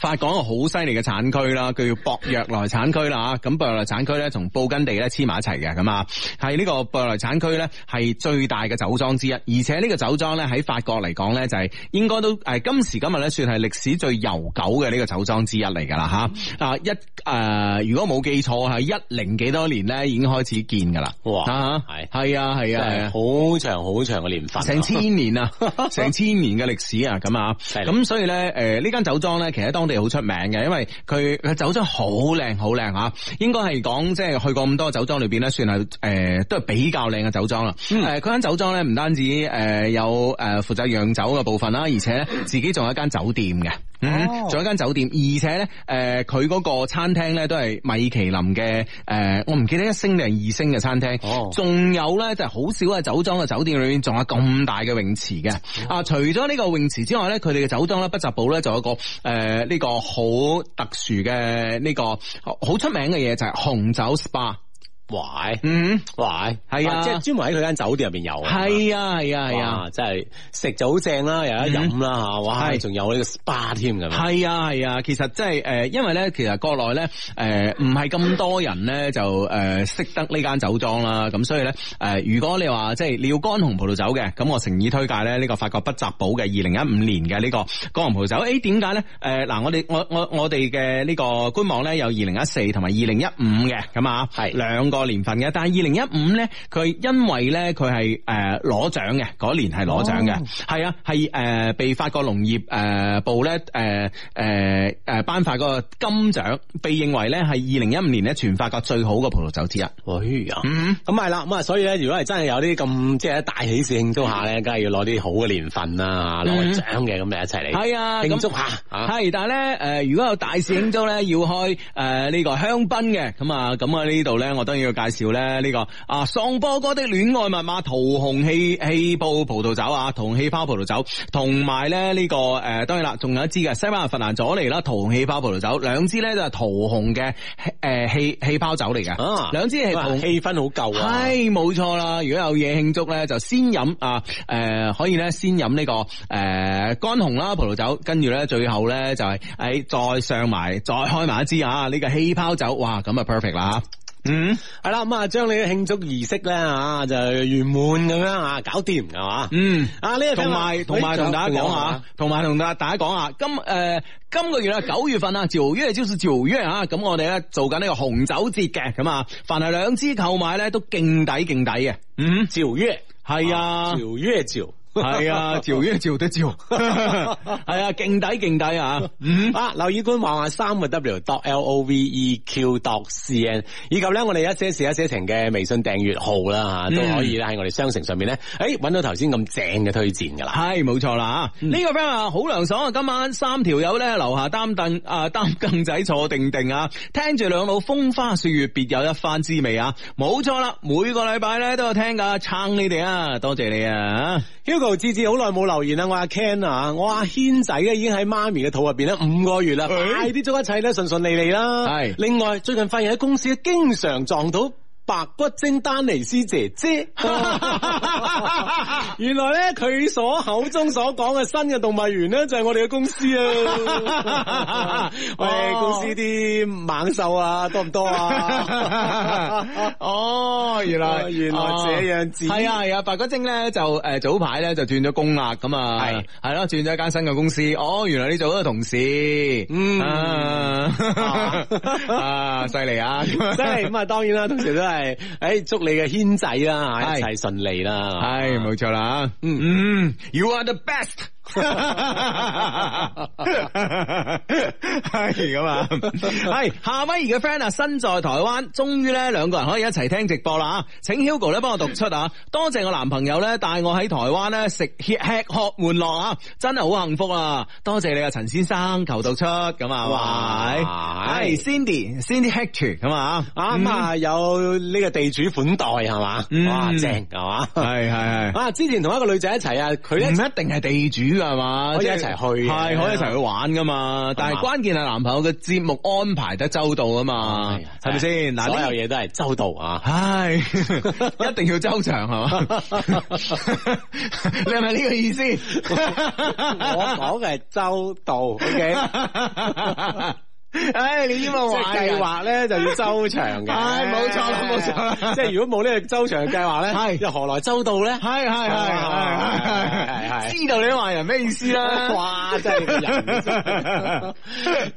法港個好犀利嘅產區啦，佢叫博若萊產區啦。咁博若萊產區咧，同布根地咧黐埋一齊嘅咁啊，係呢個博若萊產區咧，係最大嘅酒莊之一，而且呢個酒莊咧喺法國嚟講咧，就係、是、應該都誒今時今日咧算係歷史最悠久嘅呢個酒莊之一嚟噶啦吓。嗱一誒、呃，如果冇記錯係一零幾多年咧，已經開始建噶啦。哇！係係啊係啊，好、啊啊啊啊啊、長好長嘅年份，成千年啊，成 千年嘅歷史啊，咁啊，咁所以咧誒呢間酒莊咧，其實當當地好出名嘅，因為佢佢酒莊好靚好靚吓，應該係講，即係去過咁多酒莊裏邊咧，算係誒、呃、都係比較靚嘅酒莊啦。誒，佢間酒莊咧唔單止誒有誒負責釀酒嘅部分啦，而且咧自己仲有一間酒店嘅。嗯，仲有一間酒店，而且咧，誒、呃，佢嗰個餐廳咧都係米其林嘅，誒、呃，我唔記得一星定二星嘅餐廳。哦、oh.，仲有咧就係、是、好少喺酒莊嘅酒店裏邊，仲有咁大嘅泳池嘅。Oh. 啊，除咗呢個泳池之外咧，佢哋嘅酒莊咧，不集堡咧，就有個誒呢個好特殊嘅呢個好出名嘅嘢就係紅酒 SPA。懷嗯懷係啊，即係專門喺佢間酒店入邊有，係啊係啊係啊，即係食就好正啦，又有飲啦吓，哇，仲、嗯嗯啊、有呢個 SPA 添咁、啊。係啊係啊，其實即係誒，因為咧，其實國內咧誒唔係咁多人咧就誒、呃、識得呢間酒莊啦，咁所以咧誒、呃，如果你話即係你要乾紅葡萄酒嘅，咁我誠意推介咧呢、這個法國不習堡嘅二零一五年嘅呢個乾紅葡萄酒。誒、欸，點解咧？誒、呃、嗱，我哋我我我哋嘅呢個官網咧有二零一四同埋二零一五嘅，咁啊，係兩個。個年份嘅，但係二零一五咧，佢因為咧佢係誒攞獎嘅，嗰年係攞獎嘅，係啊係誒被法國農業誒部咧誒誒誒頒發個金獎，被認為咧係二零一五年咧全法國最好嘅葡萄酒之一。哦，咁係啦，咁、嗯、啊所以咧，如果係真係有啲咁即係大喜事慶祝下咧，梗係要攞啲好嘅年份啊，攞獎嘅咁咪一齊嚟，係啊慶祝下。係、嗯啊啊，但係咧誒，如果有大喜慶祝咧，要開誒呢個香檳嘅，咁啊咁啊呢度咧，我當然。.呢、這個介紹咧，呢個啊，雙波哥的戀愛密碼桃紅氣氣泡葡萄酒啊，桃紅氣泡葡萄酒，同埋咧呢個誒、呃，當然啦，仲有一支嘅西班牙佛蘭佐尼啦，桃紅氣泡葡萄酒，兩支咧就係、桃紅嘅誒氣氣泡酒嚟嘅，兩支係氣氛好夠、啊，係冇錯啦。如果有嘢慶祝咧，就先飲啊，誒、呃、可以咧先飲呢、這個誒乾、呃、紅啦葡萄酒，跟住咧最後咧就係、是、誒再上埋再開埋一支啊，呢、這個氣泡酒，哇咁啊 perfect 啦。嗯，係啦，咁啊，將你嘅慶祝儀式咧啊，就圓滿咁樣啊，搞掂係嘛？嗯，啊呢個同埋同埋同大家講下，同埋同大家講下，今誒、呃、今個月啊九月份朝月朝月啊，趙約就是趙約啊，咁我哋咧做緊呢個紅酒節嘅，咁啊，凡係兩支購買咧都勁抵勁抵嘅。嗯，趙約係啊，趙約趙。係啊，照依家照都照，係 啊，勁抵勁抵啊！嗯！啊，劉以官話話三個 W dot L O V E Q dot C N 以及咧，我哋一些事、一些情嘅微信訂閱號啦吓，都、嗯啊、可以咧喺我哋商城上面咧，誒、哎，揾到頭先咁正嘅推薦噶啦，係冇錯啦！吓，呢個 friend 啊，好涼爽啊，今晚三條友咧樓下擔凳啊，擔凳仔坐定定啊，聽住兩老風花雪月別有一番滋味啊！冇錯啦，每個禮拜咧都有聽噶，撐你哋啊，多謝你啊，志志好耐冇留言啦，我阿 Ken 啊，我阿軒仔咧已經喺媽咪嘅肚入邊咧五個月啦，快啲祝一切咧順順利利啦。係，另外最近發現喺公司經常撞到。白骨精丹尼斯姐姐， 哦、原來咧佢所口中所講嘅新嘅動物園咧就係我哋嘅公司啊！我、 哦、公司啲猛獸啊多唔多啊 哦？哦，原來原來這樣子係、哦、啊係啊！白骨精咧就誒早排咧就轉咗工啦，咁啊係係咯，轉咗一間新嘅公司哦，原來你做咗個同事，嗯啊犀利啊犀利咁啊， 啊，啊 當然啦同時都。係，誒，祝你嘅軒仔啦，一切順利啦，係，冇、啊、錯啦，吓、嗯嗯，嗯，You are the best。係咁啊！係夏威夷嘅 friend 啊，身在台灣，終於咧兩個人可以一齊聽直播啦！吓，請 Hugo 咧幫我讀出啊！多謝我男朋友咧帶我喺台灣咧食吃喝玩樂啊！真係好幸福啊！多謝你啊，陳先生求讀出咁啊，喂，係 Cindy Cindy Hector 咁啊，啱、嗯、啊！有呢個地主款待係嘛？哇，正係嘛、啊？係係係啊！之前同一個女仔一齊啊，佢唔一定係地主。係嘛，就是，可以一齊去，係可以一齊去玩噶嘛。是但係關鍵係男朋友嘅節目安排得周到啊嘛，係咪先？嗱，所有嘢都係周到啊，係 一定要周長係嘛？ 是吧 你係咪呢個意思？ 我講嘅係周到，O K。Okay? 唉、哎，你知我話即係計劃咧就要周詳嘅，係冇錯啦，冇錯啦。是是是錯是是是，即係如果冇呢個周詳計劃咧，係又何來周到咧？係係係係係，知道你話人咩意思啦？哇，真係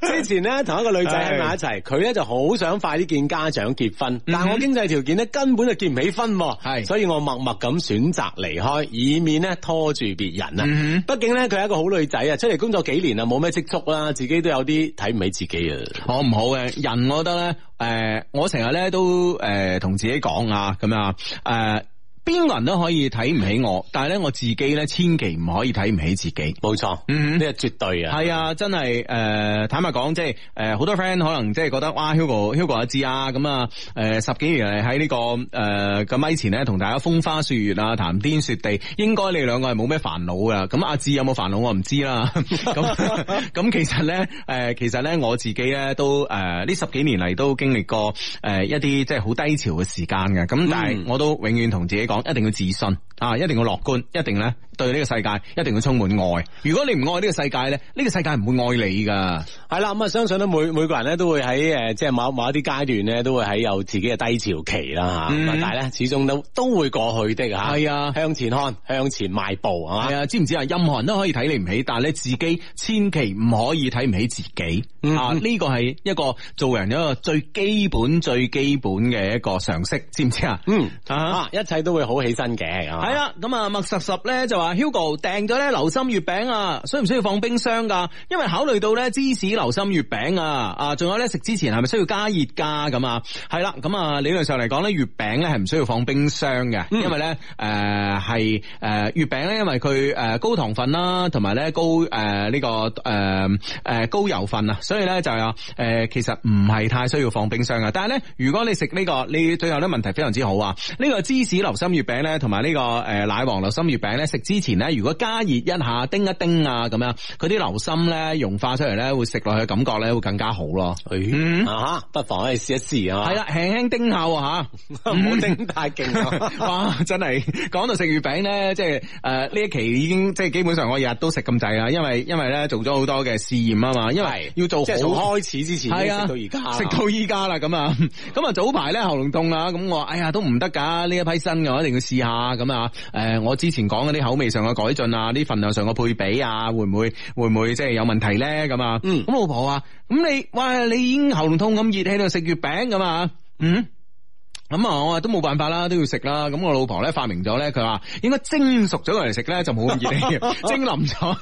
之前咧同一個女仔喺埋一齊，佢咧就好想快啲見家長結婚，嗯、但我經濟條件咧根本就結唔起婚，係、嗯，所以我默默咁選擇離開，以免咧拖住別人啊。畢、嗯、竟咧佢係一個好女仔啊，出嚟工作幾年啦，冇咩積蓄啦，自己都有啲睇唔起自己。好唔好嘅人，我覺得咧，誒、呃，我成日咧都誒同、呃、自己講啊，咁樣誒。呃邊個人都可以睇唔起我，但係咧我自己咧千祈唔可以睇唔起自己。冇錯，呢、嗯、個絕對啊。係啊，真係誒，坦白講，即係誒，好多 friend 可能即係覺得哇，Hugo Hugo 阿志啊，咁啊，誒，十幾年嚟喺呢個誒個咪前咧，同大家風花雪月啊，談天說地，應該你兩個係冇咩煩惱噶。咁阿志有冇煩惱我唔知啦。咁咁其實咧，誒，其實咧我自己咧都誒呢、啊、十幾年嚟都經歷過誒一啲即係好低潮嘅時間嘅。咁但係我都永遠同自己講。一定要自信。啊！一定要樂觀，一定咧對呢個世界，一定要充滿愛。如果你唔愛呢個世界咧，呢、呢個世界唔會愛你噶。係啦，咁、嗯、啊，相信咧每每個人咧都會喺誒，即係某某一啲階段咧都會喺有自己嘅低潮期啦吓、嗯。但係咧，始終都都會過去的吓。係啊，向前看，向前邁步啊。係啊，知唔知啊？任何人都可以睇你唔起，但係咧自己千祈唔可以睇唔起自己。嗯、啊，呢、呢個係一個做人一個最基本最基本嘅一個常識，知唔知、嗯、啊？嗯啊，一切都會好起身嘅。係啦，咁啊，麥實實咧就話 Hugo 訂咗咧流心月餅啊，需唔需要放冰箱噶？因為考慮到咧芝士流心月餅啊，啊，仲有咧食之前係咪需要加熱噶？咁啊，係啦，咁啊理論上嚟講咧月餅咧係唔需要放冰箱嘅、嗯，因為咧誒係誒月餅咧因為佢誒高糖分啦，同埋咧高誒呢、呃這個誒誒、呃、高油份啊，所以咧就係啊誒其實唔係太需要放冰箱啊。但係咧如果你食呢、這個，你最後咧問題非常之好啊，呢、這個芝士流心月餅咧同埋呢個。誒，奶黃流心月餅咧，食之前咧，如果加熱一下，叮一叮啊，咁樣佢啲流心咧融化出嚟咧，會食落去感覺咧會更加好咯。嗯、啊、不妨可以試一試啊。係啦，輕輕叮下吓，唔、嗯、好叮太勁。 哇，真係講到食月餅咧，即係誒呢一期已經即係基本上我日日都食咁滯啊，因為因為咧做咗好多嘅試驗啊嘛，因為要做好即係開始之前，係啊，食到而家，食到依家啦咁啊，咁啊早排咧喉嚨痛啊，咁我哎呀都唔得噶，呢一批新嘅我一定要試下咁啊。誒、呃，我之前講嗰啲口味上嘅改進啊，啲份量上嘅配比啊，會唔會會唔會即係、就是、有問題咧？咁啊，嗯，咁老婆啊，咁你，哇，你已經喉嚨痛咁熱氣度食月餅咁啊，嗯，咁啊，我啊都冇辦法啦，都要食啦。咁我老婆咧發明咗咧，佢話應該蒸熟咗嚟食咧就冇咁熱氣， 蒸腍咗了。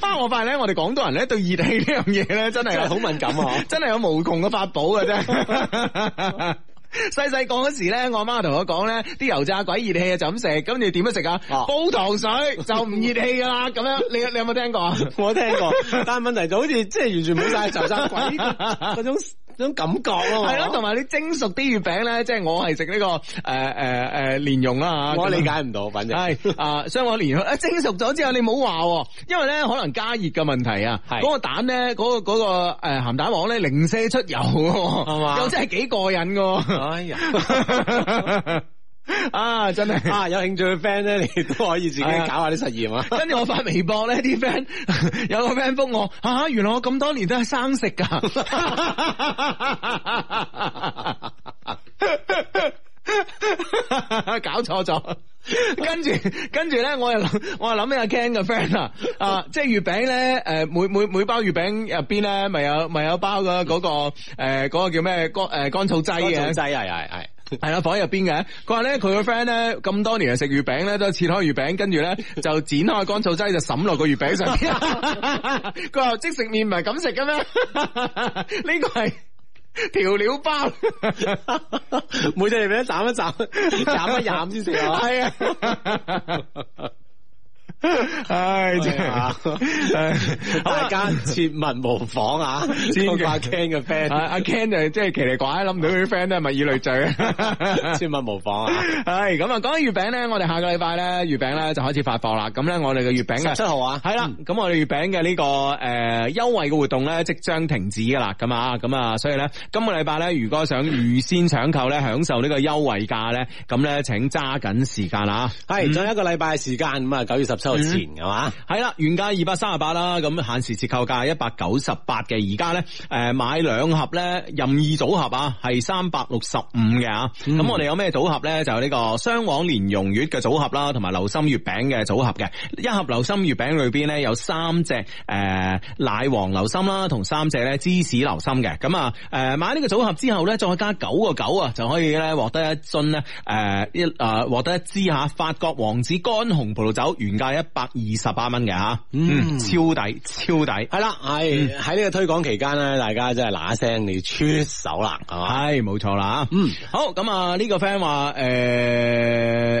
啊， 我發現咧，我哋廣東人咧對熱氣呢樣嘢咧真係好敏感啊，真係 有無窮嘅法寶㗎啫。 細細個嗰時咧，我阿媽同我講咧，啲油炸鬼熱氣就咁食，咁你點樣食啊？煲糖水就唔熱氣噶啦，咁 樣你你有冇聽過啊？我聽過，但係問題就好似即係完全冇晒油炸鬼嗰種。種感覺咯，係咯，同埋你蒸熟啲月餅咧，即係我係食呢個誒誒誒蓮蓉啦吓，我理解唔到反正係 啊，所以我蓮蓉誒蒸熟咗之後，你唔好話，因為咧可能加熱嘅問題啊，嗰個蛋咧，嗰個嗰個誒鹹蛋黃咧零舍出油，又真係幾過癮噶。哎呀！ 啊，真係啊，有興趣嘅 friend 咧，你都可以自己搞一下啲實驗啊。跟住我發微博咧，啲 friend 有個 friend 覆我，吓、啊，原來我咁多年都係生食噶， 搞錯咗。跟住跟住咧，我又諗，我又諗起阿 Ken 嘅 friend 啊， 啊，即係月餅咧，誒，每每每包月餅入邊咧，咪有咪有包個嗰、那個，誒、 呃，嗰、那個叫咩乾誒乾燥劑嘅、啊啊？劑係係係。係啊，放喺入邊嘅。佢話咧，佢個 friend 咧，咁多年嚟食月餅咧都切開月餅，跟住咧就剪開乾燥劑就沈落個月餅上邊。佢 話即食麵唔係咁食嘅咩？呢個係調料包。 每隻月餅斬一斬，斬一斬先食啊！係啊。 唉，係、哎、嘛？大家切勿模仿啊！千祈阿 Ken 嘅 friend，阿 Ken 就即係奇奇怪怪，諗唔到啲 friend 都係物以類聚，切勿模仿啊！唉，咁啊，講 起、嗯、月餅咧，我哋下個禮拜咧，月餅咧就開始發貨啦。咁咧，我哋嘅月餅嘅七號啊，係啦。咁我哋月餅嘅呢個誒優、呃、惠嘅活動咧，即將停止噶啦。咁啊，咁啊，所以咧，今個禮拜咧，如果想預先搶購咧，享受呢個優惠價咧，咁咧、啊，請揸緊時間啦。係，仲有一個禮拜嘅時間，咁啊，九月十。多錢，係嘛？係啦，原價二百三十八啦，咁，限時折扣價一百九十八嘅。而家咧，誒買兩盒咧，任意組合啊，係三百六十五嘅啊。咁、嗯、我哋有咩組合咧？就呢個雙黃蓮蓉月嘅組合啦，同埋流心月餅嘅組合嘅。一盒流心月餅裏邊咧有三隻誒、呃、奶黃流心啦，同三隻咧芝士流心嘅。咁啊，誒、呃、買呢個組合之後咧，再加九個九啊，就可以咧獲得一樽咧誒一誒獲得一支吓、呃呃、法國王子乾紅葡萄酒原價，一百二十八蚊嘅吓，嗯，超抵超抵，係啦，係喺呢個推廣期間咧，大家真係嗱一聲要出手啦，係冇錯啦，嗯，好，咁啊呢個 friend 話，誒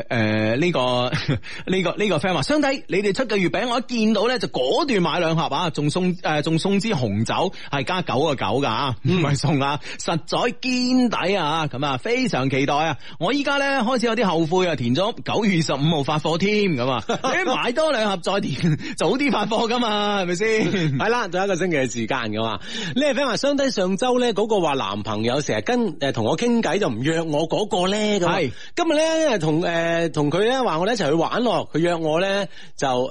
誒呢個呢、 這個呢、這個 friend 話，兄弟，你哋出嘅月餅我一見到咧就果斷買兩盒啊，仲送誒仲送支紅酒，係加九個九噶，唔、嗯、係送啊，實在堅底啊，咁啊非常期待啊，我依家咧開始有啲後悔啊，填咗九月十五號發貨添，咁啊。 買多兩盒再填，早啲發貨噶嘛，係咪先？係啦，仲有一個星期嘅時間噶嘛。呢位 friend 話，相抵上周咧，嗰個話男朋友成日跟誒同我傾偈，就唔約我嗰個咧。係今日咧，同誒同佢咧話我哋一齊去玩咯。佢約我咧就誒，佢、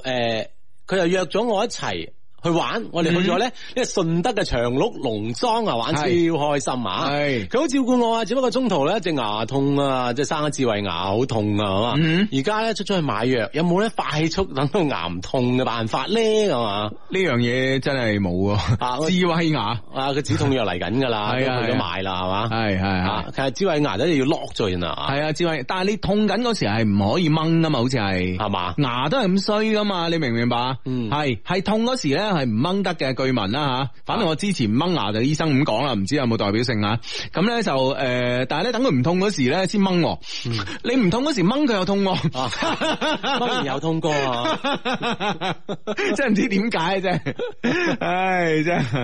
呃、又約咗我一齊。去玩，我哋去咗咧，呢、嗯這個順德嘅長鹿農莊啊，玩超開心啊！佢好照顧我啊，只不過中途咧隻牙痛啊，即係生咗智慧牙好痛啊，係、嗯、嘛？而家咧出咗去買藥，有冇咧快速等到牙唔痛嘅辦法咧？係嘛？呢樣嘢真係冇啊！智慧牙啊，個止痛藥嚟緊噶啦，都去咗買啦，係嘛？係係啊，其實智慧牙咧要落 o c k 咗先。係啊，智慧，但係你痛緊嗰時係唔可以掹噶嘛？好似係係嘛？牙都係咁衰噶嘛？你明唔明白？嗯，系係痛嗰時咧。係唔掹得嘅據聞啦吓，反正我之前掹牙就醫生咁講啦，唔知有冇代表性吓。咁咧就誒，但係咧等佢唔痛嗰時咧先掹，我、嗯。你唔痛嗰時掹佢又痛喎、啊，當、啊、然有痛過、啊 真 哎，真唔知點解啫。唉，真係，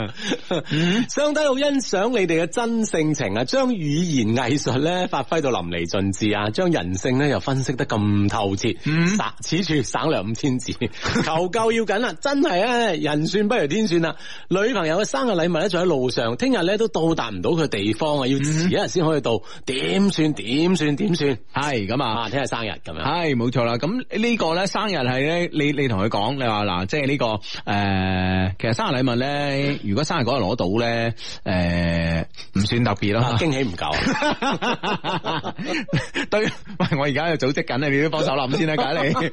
上帝好欣賞你哋嘅真性情啊，將語言藝術咧發揮到淋漓盡致啊，將人性咧又分析得咁透徹、嗯，此處省略五千字，求救要緊啦，真係啊人。算，不如點算啊，女朋友嘅生日禮物咧，仲喺路上，聽日咧都到達唔到佢地方啊，要遲一日先可以到。點算？點算？點算？係咁啊！聽日生日咁樣、啊。係，冇錯啦。咁呢個咧，生日係咧，你你同佢講，你話嗱，即係呢個誒、呃，其實生日禮物咧，如果生日嗰日攞到咧，誒、呃，唔算特別咯，驚、啊、喜唔夠。 對，喂，我而家要組織緊 啊，你都幫手諗先啦，解 你、啊。點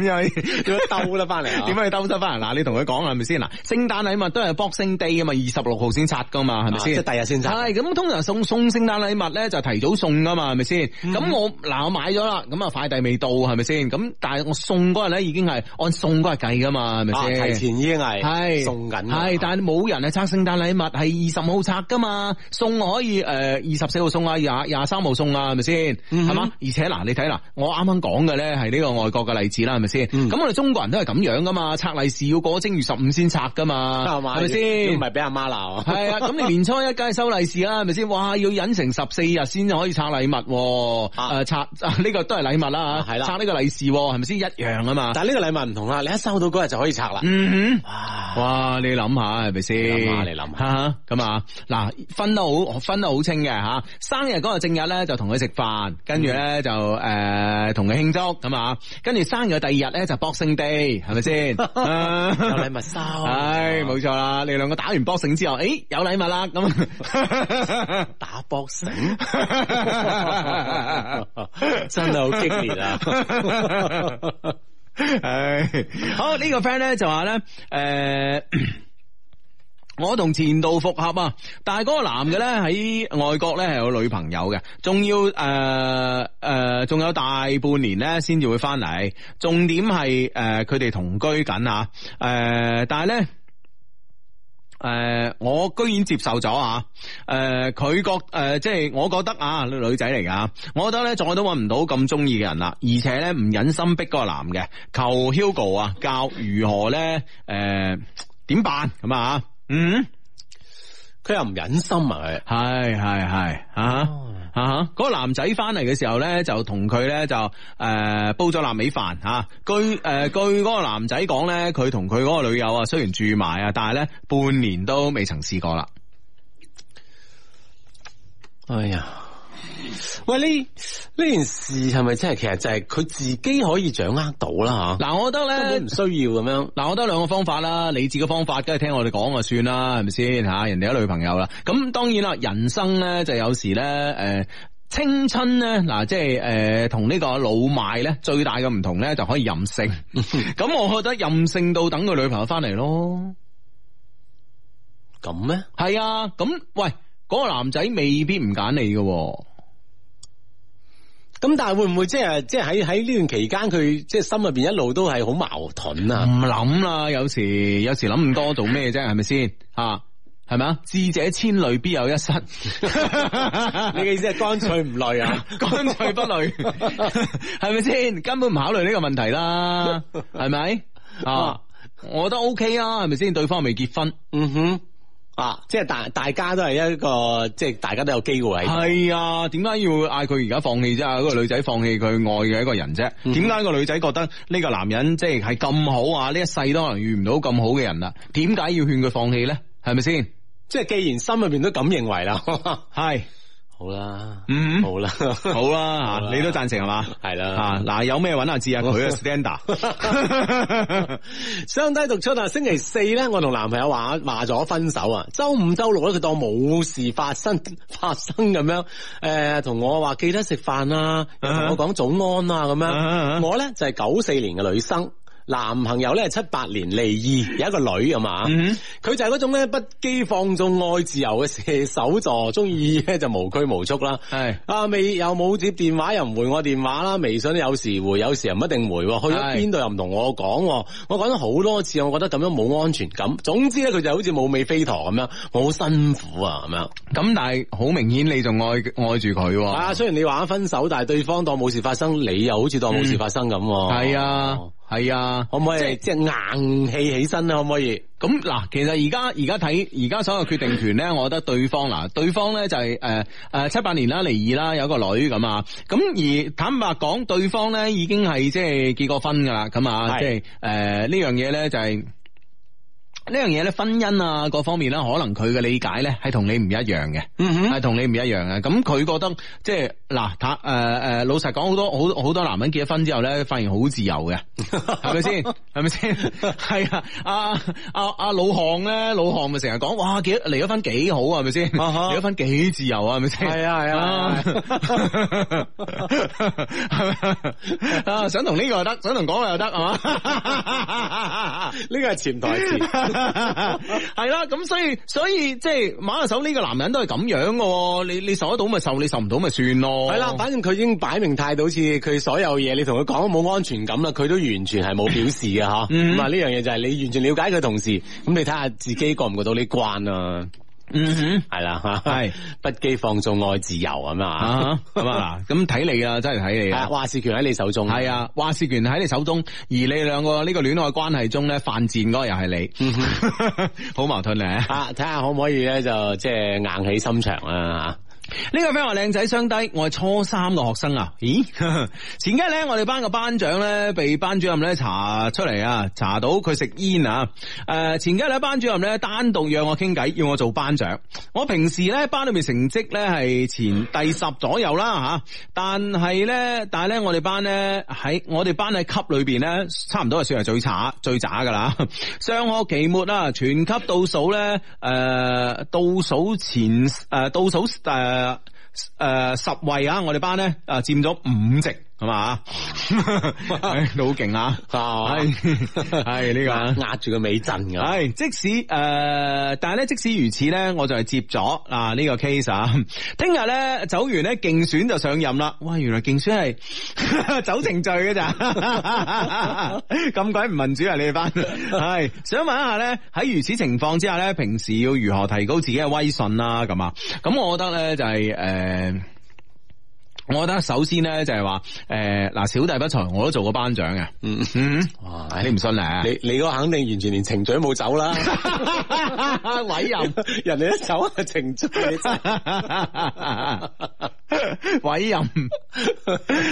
樣、啊？點樣兜啦翻嚟？點樣去兜得翻嚟嗱？ 同佢講係咪先嗱？聖誕禮物都係 Boxing Day 噶嘛，二十六號先拆噶嘛，係咪先？即係第日先拆。係咁，通常送送聖誕禮物咧，就是、提早送噶嘛，係咪先？咁、嗯、我嗱我買咗啦，咁啊快遞未到，係咪先？咁但係我送嗰日咧，已經係按送嗰日計噶嘛，係咪先？提前已經係係送緊，係但係冇人係拆聖誕禮物，係二十五號拆噶嘛？送可以誒，二十四號送啊，廿廿三號送啊，係咪先？係、嗯、嘛？而且嗱，你睇嗱，我啱啱講嘅咧係呢個外國嘅例子啦，係咪先？咁、嗯、我哋中國人都係咁樣噶嘛？拆利是要過。我正月十五先拆噶嘛，係咪先？唔係俾阿媽鬧？係啊，咁、啊、 你年初一梗係收利是啊，係咪先？哇，要忍成十四日先可以拆禮物，啊、誒、啊呃、拆呢，啊這個都係禮物啦，啊，係、啊、啦，拆呢個利，啊、是，係咪先？一樣啊嘛，但係呢個禮物唔同啦，啊，你一收到嗰日就可以拆啦。嗯哼，哇，你諗下係咪先？你諗下，咁啊？嗱，啊啊啊，分得好，分得好清嘅吓，啊。生日嗰日正日咧就同佢食飯，跟住咧就誒同佢慶祝咁啊。跟住生日第二日咧就 Boxing Day，a 係咪先？ 啊有禮物收，唉，冇錯啦！你兩個打完搏繩之後，誒、欸，有禮物啦！咁 打搏繩，真係好激烈啊！ 唉，好呢、呢個 friend 咧就話咧，誒、呃。我同前度復合啊，但係嗰個男嘅咧喺外國咧係有女朋友嘅，仲要誒誒，仲、呃呃、有大半年咧先至會翻嚟。重點係誒佢哋同居緊啊，誒、呃、但係咧誒我居然接受咗啊！誒、呃、佢覺誒即係我覺得啊、呃，女仔嚟噶，我覺得咧再都揾唔到咁中意嘅人啦，而且咧唔忍心逼嗰個男嘅求 Hugo 啊，教如何咧誒點辦咁啊？嗯，佢又唔忍心啊！佢係係係啊嗰、啊啊嗰個男仔翻嚟嘅時候咧，就同佢咧就誒煲咗臘味飯吓、啊。據誒、呃、據嗰個男仔講咧，佢同佢嗰個女友啊，雖然住埋啊，但係咧半年都未曾試過啦。哎呀！喂，呢呢件事係咪真係其實就係佢自己可以掌握到啦吓？嗱，我覺得咧唔需要咁樣。嗱，我覺得兩個方法啦，理智嘅方法，梗係聽我哋講啊，算啦，係咪先吓？人哋有女朋友啦，咁當然啦，人生咧就有時咧，誒，青春咧嗱，即係誒，同呢個老邁咧最大嘅唔同咧，就可以任性。咁 我覺得任性到等佢女朋友翻嚟咯。咁咩？係啊，咁喂，嗰個男仔未必唔揀你嘅。咁但係會唔會即係即係喺喺呢段期間佢即係心入邊一路都係好矛盾啊？唔諗啦，有時有時諗唔多做咩啫？係咪先啊？係咪啊？智者千慮必有一失， 你嘅意思係乾脆唔慮啊？乾脆不慮？係咪先？根本唔考慮呢個問題啦，係咪啊？ 我覺得 OK 啊，係咪先？對方未結婚，嗯哼。啊！即係大大家都係一個，即係大家都有機會係啊！點解要嗌佢而家放棄啫？嗰、那個女仔放棄佢愛嘅一個人啫？點、嗯、解個女仔覺得呢個男人即係係咁好啊？呢一世都可能遇唔到咁好嘅人啦？點解要勸佢放棄咧？係咪先？即係既然心裏邊都咁認為啦，係。 好啦，嗯，嗯，好啦，好啦吓，你都贊成係嘛？係啦，嗱、啊，有咩搵下知啊佢啊 他的，Standar， 低讀出啊！星期四咧，我同男朋友話話咗分手啊，周五、周六咧佢當冇事發生，發生咁樣，誒、呃，同我話記得食飯啊，又同我講早安啊，咁樣，啊啊啊啊我咧就係九四年嘅女生。男朋友咧七八年離異，有一個女啊嘛，佢、嗯、就係嗰種咧不羈放縱、愛自由嘅射手座，中意咧就無拘無束啦。係啊，未又冇接電話，又唔回我電話啦，微信有時回，有時又唔一定回，去咗邊度又唔同我講。我講咗好多次，我覺得咁樣冇安全感。總之咧，佢就好似冇尾飛陀咁樣，我好辛苦啊咁樣。咁但係好明顯，你仲愛愛住佢。啊，雖然你話分手，但係對方當冇事發生，你又好似當冇事發生咁。係、嗯嗯、啊。係啊，可唔可以即係硬氣起身啊？可唔可以？咁嗱，其實而家而家睇而家所有決定權咧， 我覺得對方嗱，對方咧就係誒誒七八年啦，離異啦，有個女咁啊。咁而坦白講，對方咧已經係即係結過婚噶啦，咁啊，即係誒呢樣嘢咧就係、是。呢樣嘢咧，婚姻啊，各方面咧，可能佢嘅理解咧，係同你唔一樣嘅，係、嗯、同你唔一樣嘅。咁佢覺得，即係嗱，誒誒，老實講，好多好好多男人結咗婚之後咧，發現好自由嘅，係咪先？係咪先？係 啊，阿阿阿老航咧，老航咪成日講，哇，結離咗婚幾好係咪先 婚係咪先係啊，係咪先？離咗婚幾自由啊，係咪先？係啊係啊，咪、啊 啊？想同呢個又得，想同嗰個又得，係嘛？呢個係潛台詞。 係 啦， 咁所以所以即係馬亞手呢個男人都係咁樣嘅，啊，你你受得到咪受，你受唔到咪算咯，啊。係啦，反正佢已經擺明態度，好似佢所有嘢你同佢講都冇安全感啦，佢都完全係冇表示㗎。吓， 啊。咁，嗯，啊呢，嗯，樣嘢就係你完全了解佢同時，咁你睇下自己過唔過到呢關啊。嗯哼，係啦，係不羈放縱愛自由咁啊，咁啊嗱，咁睇你啊，真係睇你啊，話事權喺你手中，係啊，話事權喺你，你手中，而你兩個呢個戀愛關係中咧，犯賤嗰個又係你，好、嗯、 矛盾啊，睇下可唔可以咧就即係硬起心腸啊，呢、這個 friend 話靚仔雙低，我係初三嘅學生啊？咦？前幾日咧，我哋班個班長咧，被班主任咧查出嚟啊，查到佢食煙啊！誒、呃，前幾日咧，班主任咧單獨約我傾偈，要我做班長。我平時咧班裏面成績咧係前第十左右啦吓，但係咧，但係咧我哋班咧喺我哋班喺級裏邊咧，差唔多係算係最差最渣噶啦。上學期末啦，全級倒數咧，誒、呃，倒數前誒，倒、呃、數誒。呃誒、呃、誒、呃，十位啊，我哋班咧誒佔咗五席。咁、 哎、啊，好勁啊，係係呢個壓住個尾陣啊。係即使誒、呃，但係咧即使如此咧，我就係接咗嗱呢個 case 啊，聽日咧走完咧競選就上任啦，哇，原來競選係走程序嘅咋，咁鬼唔民主啊你哋班，係 想問一下咧喺如此情況之下咧，平時要如何提高自己嘅威信啦咁啊，咁我覺得咧就係、是、誒。呃我覺得首先咧就係話，誒，嗱，小弟不才，我都做過班長嘅、嗯。嗯，哇，你唔信你啊？你你個肯定完全連程序都冇走啦。委任，人哋一走啊，程序。委任，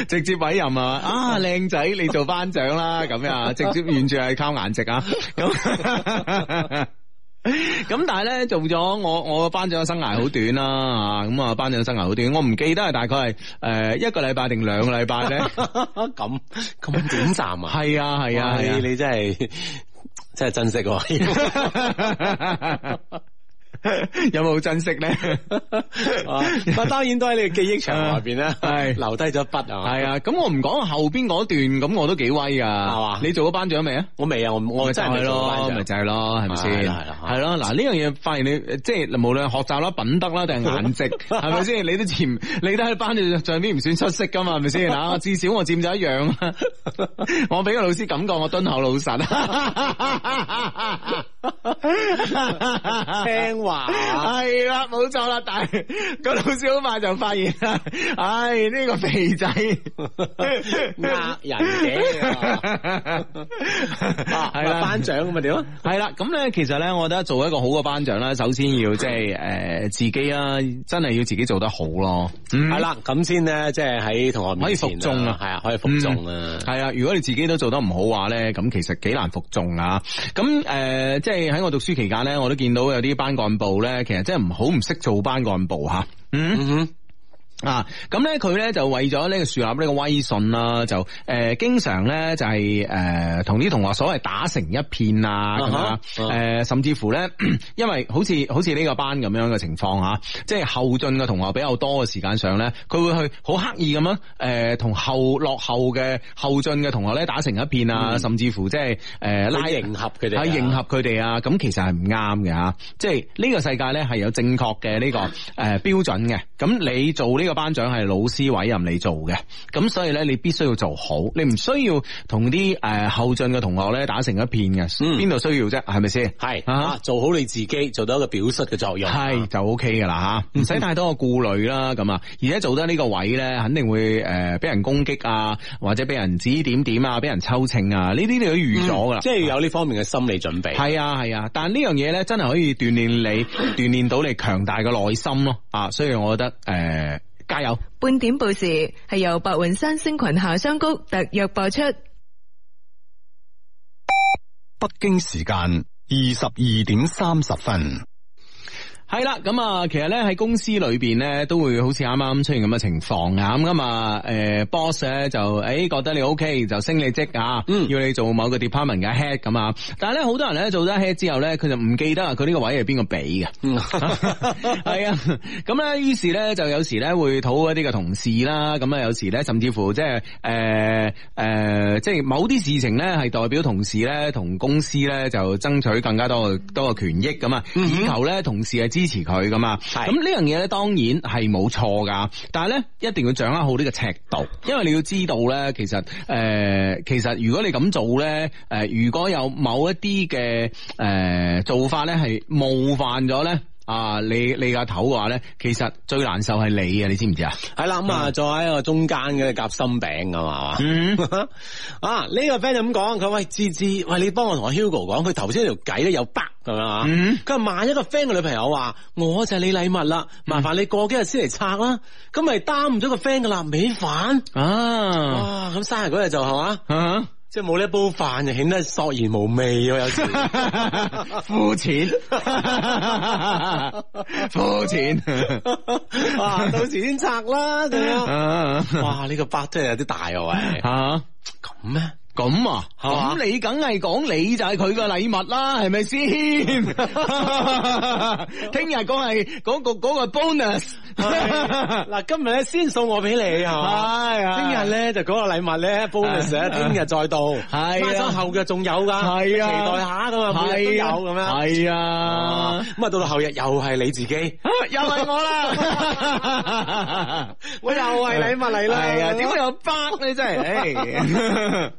直接委任啊！啊，靚仔，你做班長啦，咁樣，直接完全係靠顏值啊！咁。 咁 但係咧，做咗我我班長嘅生涯好短啦，咁啊班長生涯好短，我唔記得係大概係誒一個禮拜定兩個禮拜咧，咁 咁短暫啊，係啊係啊，啊，你你真係真係珍惜喎。 有冇珍惜咧？咁、 啊、當然都喺你嘅記憶場外邊啦，係留低咗一筆啊！係啊，咁我唔講後邊嗰段，咁我都幾威噶，係嘛？你做咗班長未啊？我未啊，我我真係未做班長，咪就係咯，係咪先？係咯，嗱呢樣嘢發現你，即、就、係、是、無論學習啦、品德啦，定係顏值，係咪先？你都佔，你都喺班長上邊唔算出色噶嘛，係咪先？至少我佔咗一樣， 我俾個老師感覺我敦厚老實， 聽話。係啦，冇錯啦，但係、那個老師好快就發現啦，唉、哎、呢、這個肥仔壓人嘅。啊，係啦，班長咁咪點？係啦，咁咧其實咧，我覺得做一個好嘅班長啦，首先要即係誒自己啊，真係要自己做得好咯，係、嗯、啦，咁先咧，即係喺同學唔可以服眾啊，係啊，可以服眾啊，係啊、嗯，如果你自己都做得唔好話咧，咁其實幾難服眾啊，咁誒，即係喺我讀書期間咧，我都見到有啲班幹部咧，其實真係唔好唔識做班幹部吓。嗯哼。嗯哼啊，咁咧佢咧就為咗呢個樹立呢個威信啦，就誒、呃、經常咧就係誒同啲同學所謂打成一片啊，吓、uh-huh. uh-huh. 呃，誒甚至乎咧，因為好似好似呢個班咁樣嘅情況吓，即係後進嘅同學比較多嘅時間上咧，佢會去好刻意咁樣誒同後落後嘅後進嘅同學咧打成一片啊，uh-huh. 甚至乎即係誒拉迎合佢哋，啊，喺迎合佢哋啊，咁其實係唔啱嘅吓，即係呢個世界咧係有正確嘅呢個誒、呃、標準嘅，咁你做呢、呢個。班長係老師委任你做嘅，咁所以咧你必須要做好，你唔需要同啲誒後進嘅同學咧打成一片嘅，邊、嗯、度需要啫？係咪先？係啊，做好你自己，做到一個表率嘅作用，係就 O K 噶啦吓，唔使太多顧慮啦咁啊。而且做得呢個位咧，肯定會誒俾人攻擊啊，或者俾人指點點啊，俾人抽秤啊，呢啲你都預咗噶啦，即、嗯、係、就是、有呢方面嘅心理準備。係啊係啊，啊，但呢樣嘢咧，真係可以鍛煉你，鍛 煉到你強大嘅內心咯啊。所以我覺得誒。呃加油！半點報時係由白雲山星群夏桑菊特約播出。北京時間二十二點三十分。係啦，咁啊，其實咧喺公司裏邊咧，都會好似啱啱出現咁嘅情況啊，咁、嗯、啊，誒，boss 咧就誒覺得你 OK 就升你職啊、嗯，要你做某個 department 嘅 head 咁啊，但係咧好多人咧做咗 head 之後咧，佢就唔記得佢呢個位係邊個俾嘅，係 啊，咁咧，於是咧就有時咧會討一啲嘅同事啦，咁啊，有時咧甚至乎即係誒誒，即、呃、係、呃就是、某啲事情咧係代表同事咧同公司咧就爭取更加多嘅多嘅權益咁啊，以求咧、嗯、同事係知。支持佢噶嘛？咁呢樣嘢咧，當然係冇錯噶，但係咧一定要掌握好呢個尺度，因為你要知道咧，其實誒、呃，其實如果你咁做咧，誒、呃，如果有某一啲嘅誒做法咧，係冒犯咗咧。啊！你你個頭嘅話咧，其實最難受係你啊！你知唔知嗯嗯、嗯、 啊？係、這、啦、個，咁、嗯嗯、啊坐喺個中間嘅夾心餅啊嘛，係嘛、就是？啊！呢個 friend 就咁講，佢喂芝芝，喂你幫我同阿 Hugo 講，佢頭先條計咧有北咁樣啊？佢話萬一個 friend 個女朋友話，我就係你禮物啦，麻煩你過幾日先嚟拆啦，咁咪擔咗個 friend 嘅臘味飯啊！哇！咁生日嗰日就係嘛？嗯。即係冇呢煲飯就顯得索然無味， 膚淺 膚淺 有時膚淺，膚淺、啊啊。哇，到時先拆啦咁樣。哇，呢個包真係有啲大喎，係啊？咁咩？咁啊，咁你梗係講你就係佢嘅禮物啦，係咪先？聽日講係嗰個嗰個 bonus。嗱，今日咧先送我俾你，係嘛？係啊。聽日咧就嗰個禮物咧 bonus 啊，聽日再到。係啊，後日仲有噶，係啊，期待下咁啊，每日都有咁樣。係啊，咁啊，到到後日又係你自己，又係我啦，我又係禮物嚟啦。係啊，點解又包咧？真係，誒。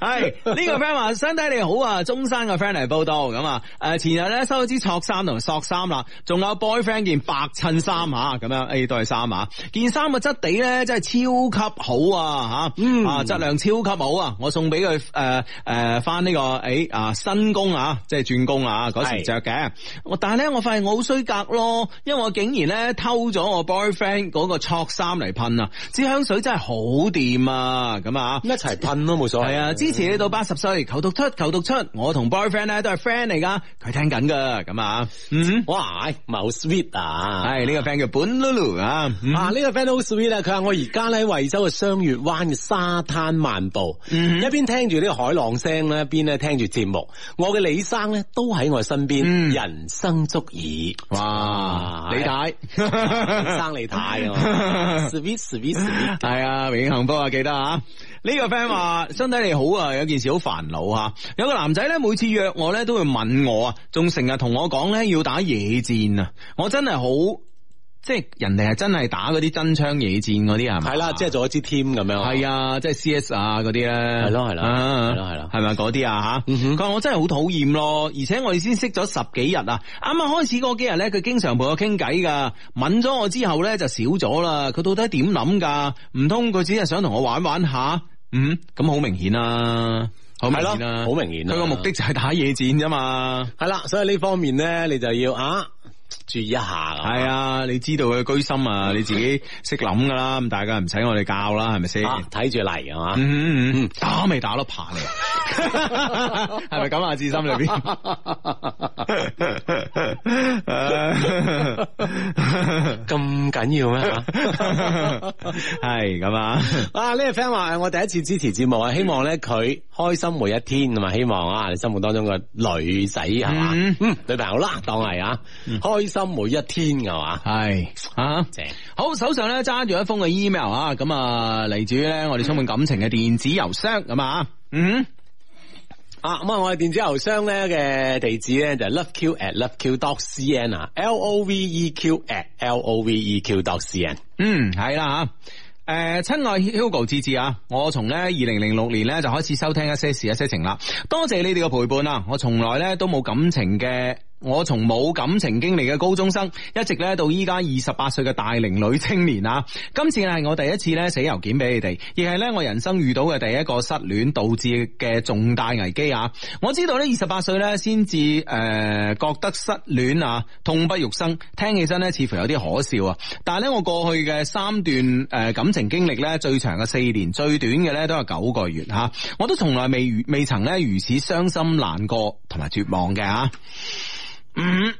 係 呢、hey, 個 friend 話，兄弟你好啊，中山個 friend 嚟報道咁啊。誒，前日咧收咗支卓衫同索衫啦，仲有 boyfriend 件白襯衫吓，咁樣 A 袋衫啊。件衫嘅質地咧真係超級好啊，吓、嗯，啊質量超級好啊。我送俾佢誒誒，翻、呃、呢、呃這個誒、欸、啊新工啊，即係轉工啊嗰時着嘅。我但係咧，我發現我好衰格咯，因為我竟然咧偷咗我 boyfriend 嗰個卓衫嚟噴啊。支香水真係好掂啊，咁啊，一齊噴都冇所謂。 支持你到八十歲，求讀出，求讀出。我同 boyfriend 咧都係 friend 嚟噶，佢聽緊噶咁啊。嗯，mm-hmm. 哇，好 sweet 啊！係呢、這個 friend 叫本 Lulu 啊，呢個 friend 好 sweet 啊。佢、這、話、個、我而家咧喺惠州嘅雙月灣嘅沙灘漫步，mm-hmm. 一邊聽住呢個海浪聲咧，一邊咧聽住節目。我嘅李生咧都喺我身邊，mm-hmm. 人生足矣。哇，李太 李生李太、啊、 ，sweet sweet sweet，係啊，永遠幸福啊，記得啊。呢個 friend 話身體你好啊，有件事好煩惱吓，有個男仔咧每次約我咧都會問我啊，仲成日同我講咧要打野戰啊，我真係好。即係人哋係真係打嗰啲真槍野戰嗰啲係咪係啦，即係做一支 team 咁樣。係啊，啊，即係 C S 啊嗰啲咧。係咯，係啦，係係啦，係咪嗰啲啊吓。佢話我真係好討厭咯，而且我哋先識咗十幾日啊，啱啱開始嗰幾日咧，佢經常陪我傾偈噶，吻咗我之後咧就少咗啦。佢到底點諗噶？唔通佢只係想同我玩玩下？啊？嗯，咁好明顯，啊啊，啦，好明顯啦，好明顯。佢個目的就係打野戰咋嘛？係啦，啦，啦，所以呢方面咧，你就要啊。注意一下，係啊！你知道佢嘅居心啊？你自己識諗噶啦，咁大家唔使我哋教啦，係咪先？睇住嚟啊嘛！嗯嗯嗯，打咪打得爬你，係咪咁啊？志心裏邊咁緊要咩？係咁啊！哇！呢個 friend 話，我第一次支持節目啊，希望咧佢。開心每一天啊嘛，希望啊你生活當中嘅女仔係嘛，嗯，女朋友啦，當係啊、嗯，開心每一天嘅話，係啊，正、嗯，好手上咧揸住一封嘅 email 啊，咁啊嚟住咧，我哋充滿感情嘅電子郵箱咁啊，嗯，啊，咁啊我哋電子郵箱咧嘅地址咧就係 loveq@loveq.cn 啊，L O V E Q@L O V E Q.cn，嗯，係啦吓。誒，親愛 Hugo 志志啊，我從咧，二零零六年咧就開始收聽一些事一些情啦，多謝你哋嘅陪伴啊，我從來咧都冇感情嘅。我從冇感情經歷嘅高中生，一直咧到依家二十八歲嘅大齡女青年啊！今次係我第一次咧寫郵件俾你哋，亦係咧我人生遇到嘅第一個失戀導致嘅重大危機啊！我知道咧二十八歲咧先至誒覺得失戀啊痛不欲生，聽起身咧似乎有啲可笑啊！但係咧我過去嘅三段誒感情經歷咧，最長嘅四年，最短嘅咧都係九個月吓，我都從來未未曾咧如此傷心難過同埋絕望嘅啊！嗯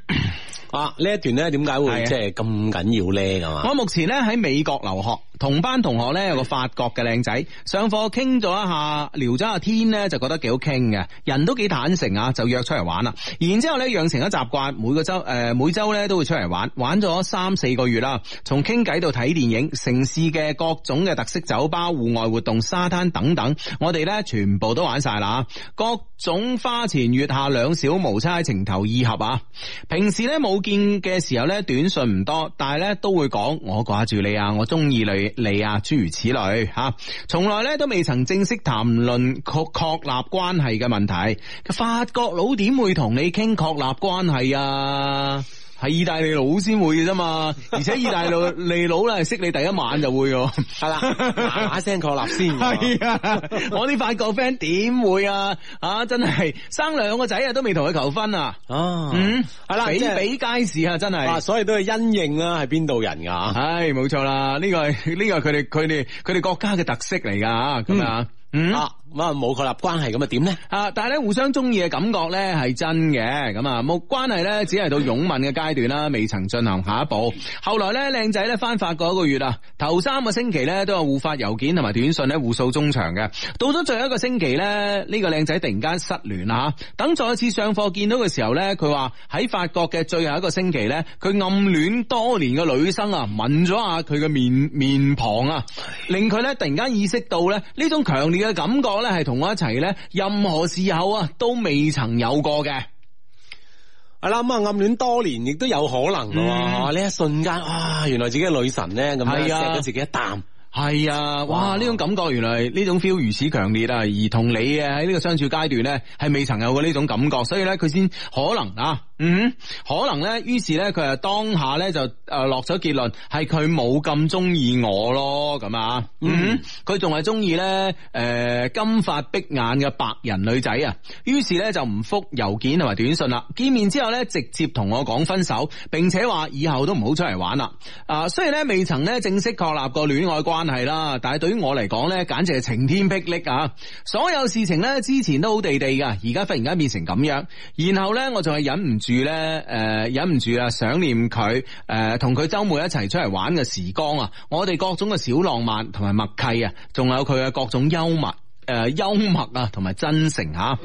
啊，呢一段咧，點解會即係咁緊要咧？咁啊，我目前咧喺美國留學。同班同學呢，有個法國嘅靚仔，上課傾咗一下，聊咗下天呢，就覺得幾好傾嘅，人都幾坦誠啊，就約出嚟玩啦。然之後呢，養成一習慣，每個週、呃、每週呢，都會出嚟玩，玩咗三四個月啦。從傾偈到睇電影，城市嘅各種嘅特色酒吧、戶外活動、沙灘等等，我哋呢，全部都玩晒啦。各種花前月下，兩小無猜，情投意合啊！平時呢，冇見嘅時候呢，短信唔多，但係呢，都會講我掛住你啊，我中意你。你啊，諸如此類吓，從來咧都未曾正式談論確確立關係嘅問題。法國佬點會同你傾確立關係啊？係意大利佬先會嘅啫嘛，而且意大利佬咧識你第一晚就會個，係 啦，打聲確立先。係 啊，我呢塊國 friend 點會啊？啊，真係生兩個仔啊，都未同佢求婚啊！哦、啊，嗯，係啦，比比皆是啊，真係。啊，所以都係因應啦，係邊度人噶？唉，冇錯啦，呢個係呢個係佢哋佢哋佢哋國家嘅特色嚟噶咁啊，嗯。咁啊冇確立關係咁啊點咧？啊，但係咧，互相中意嘅感覺咧係真嘅。咁啊冇關係咧，只係到擁吻嘅階段啦，未曾進行下一步。後來咧，靚仔咧翻法國一個月啊，頭三個星期咧都有互發郵件同埋短信咧，互訴衷腸嘅。到咗最後一個星期咧，呢個靚仔突然間失聯啦吓。等再一次上課見到嘅時候咧，佢話喺法國嘅最後一個星期咧，佢暗戀多年嘅女生啊，吻咗下佢嘅面面龐啊，令佢咧突然間意識到咧呢種強烈嘅感覺。可能係同我一齊咧，任何時候啊都未曾有過嘅。係啦，咁暗戀多年亦都有可能哇！呢、嗯、一瞬間，啊，原來自己嘅女神咧咁樣錫咗自己一啖。係啊，哇！呢種感覺，原來呢種 feel 如此強烈啊，而同你嘅喺呢個相處階段咧，係未曾有過呢種感覺，所以咧佢先可能啊，嗯，可能咧，於是咧佢啊當下咧就誒落咗結論，係佢冇咁中意我咯，咁啊，嗯，佢仲係中意咧誒金髮碧眼嘅白人女仔啊，於是咧就唔復郵件同埋短信啦，見面之後咧直接同我講分手，並且話以後都唔好出嚟玩啦，啊，雖然咧未曾咧正式確立過戀愛關。關係啦，但係對於我嚟講呢，簡直係晴天霹靂啊！所有事情呢，之前都好地地噶，而家忽然間變成咁樣，然後呢，我就係忍唔住呢，誒忍唔住啊想念佢，誒同佢周末一齊出嚟玩嘅時光啊！我哋各種嘅小浪漫同埋默契啊，仲有佢嘅各種幽默，誒幽默啊同埋真誠吓。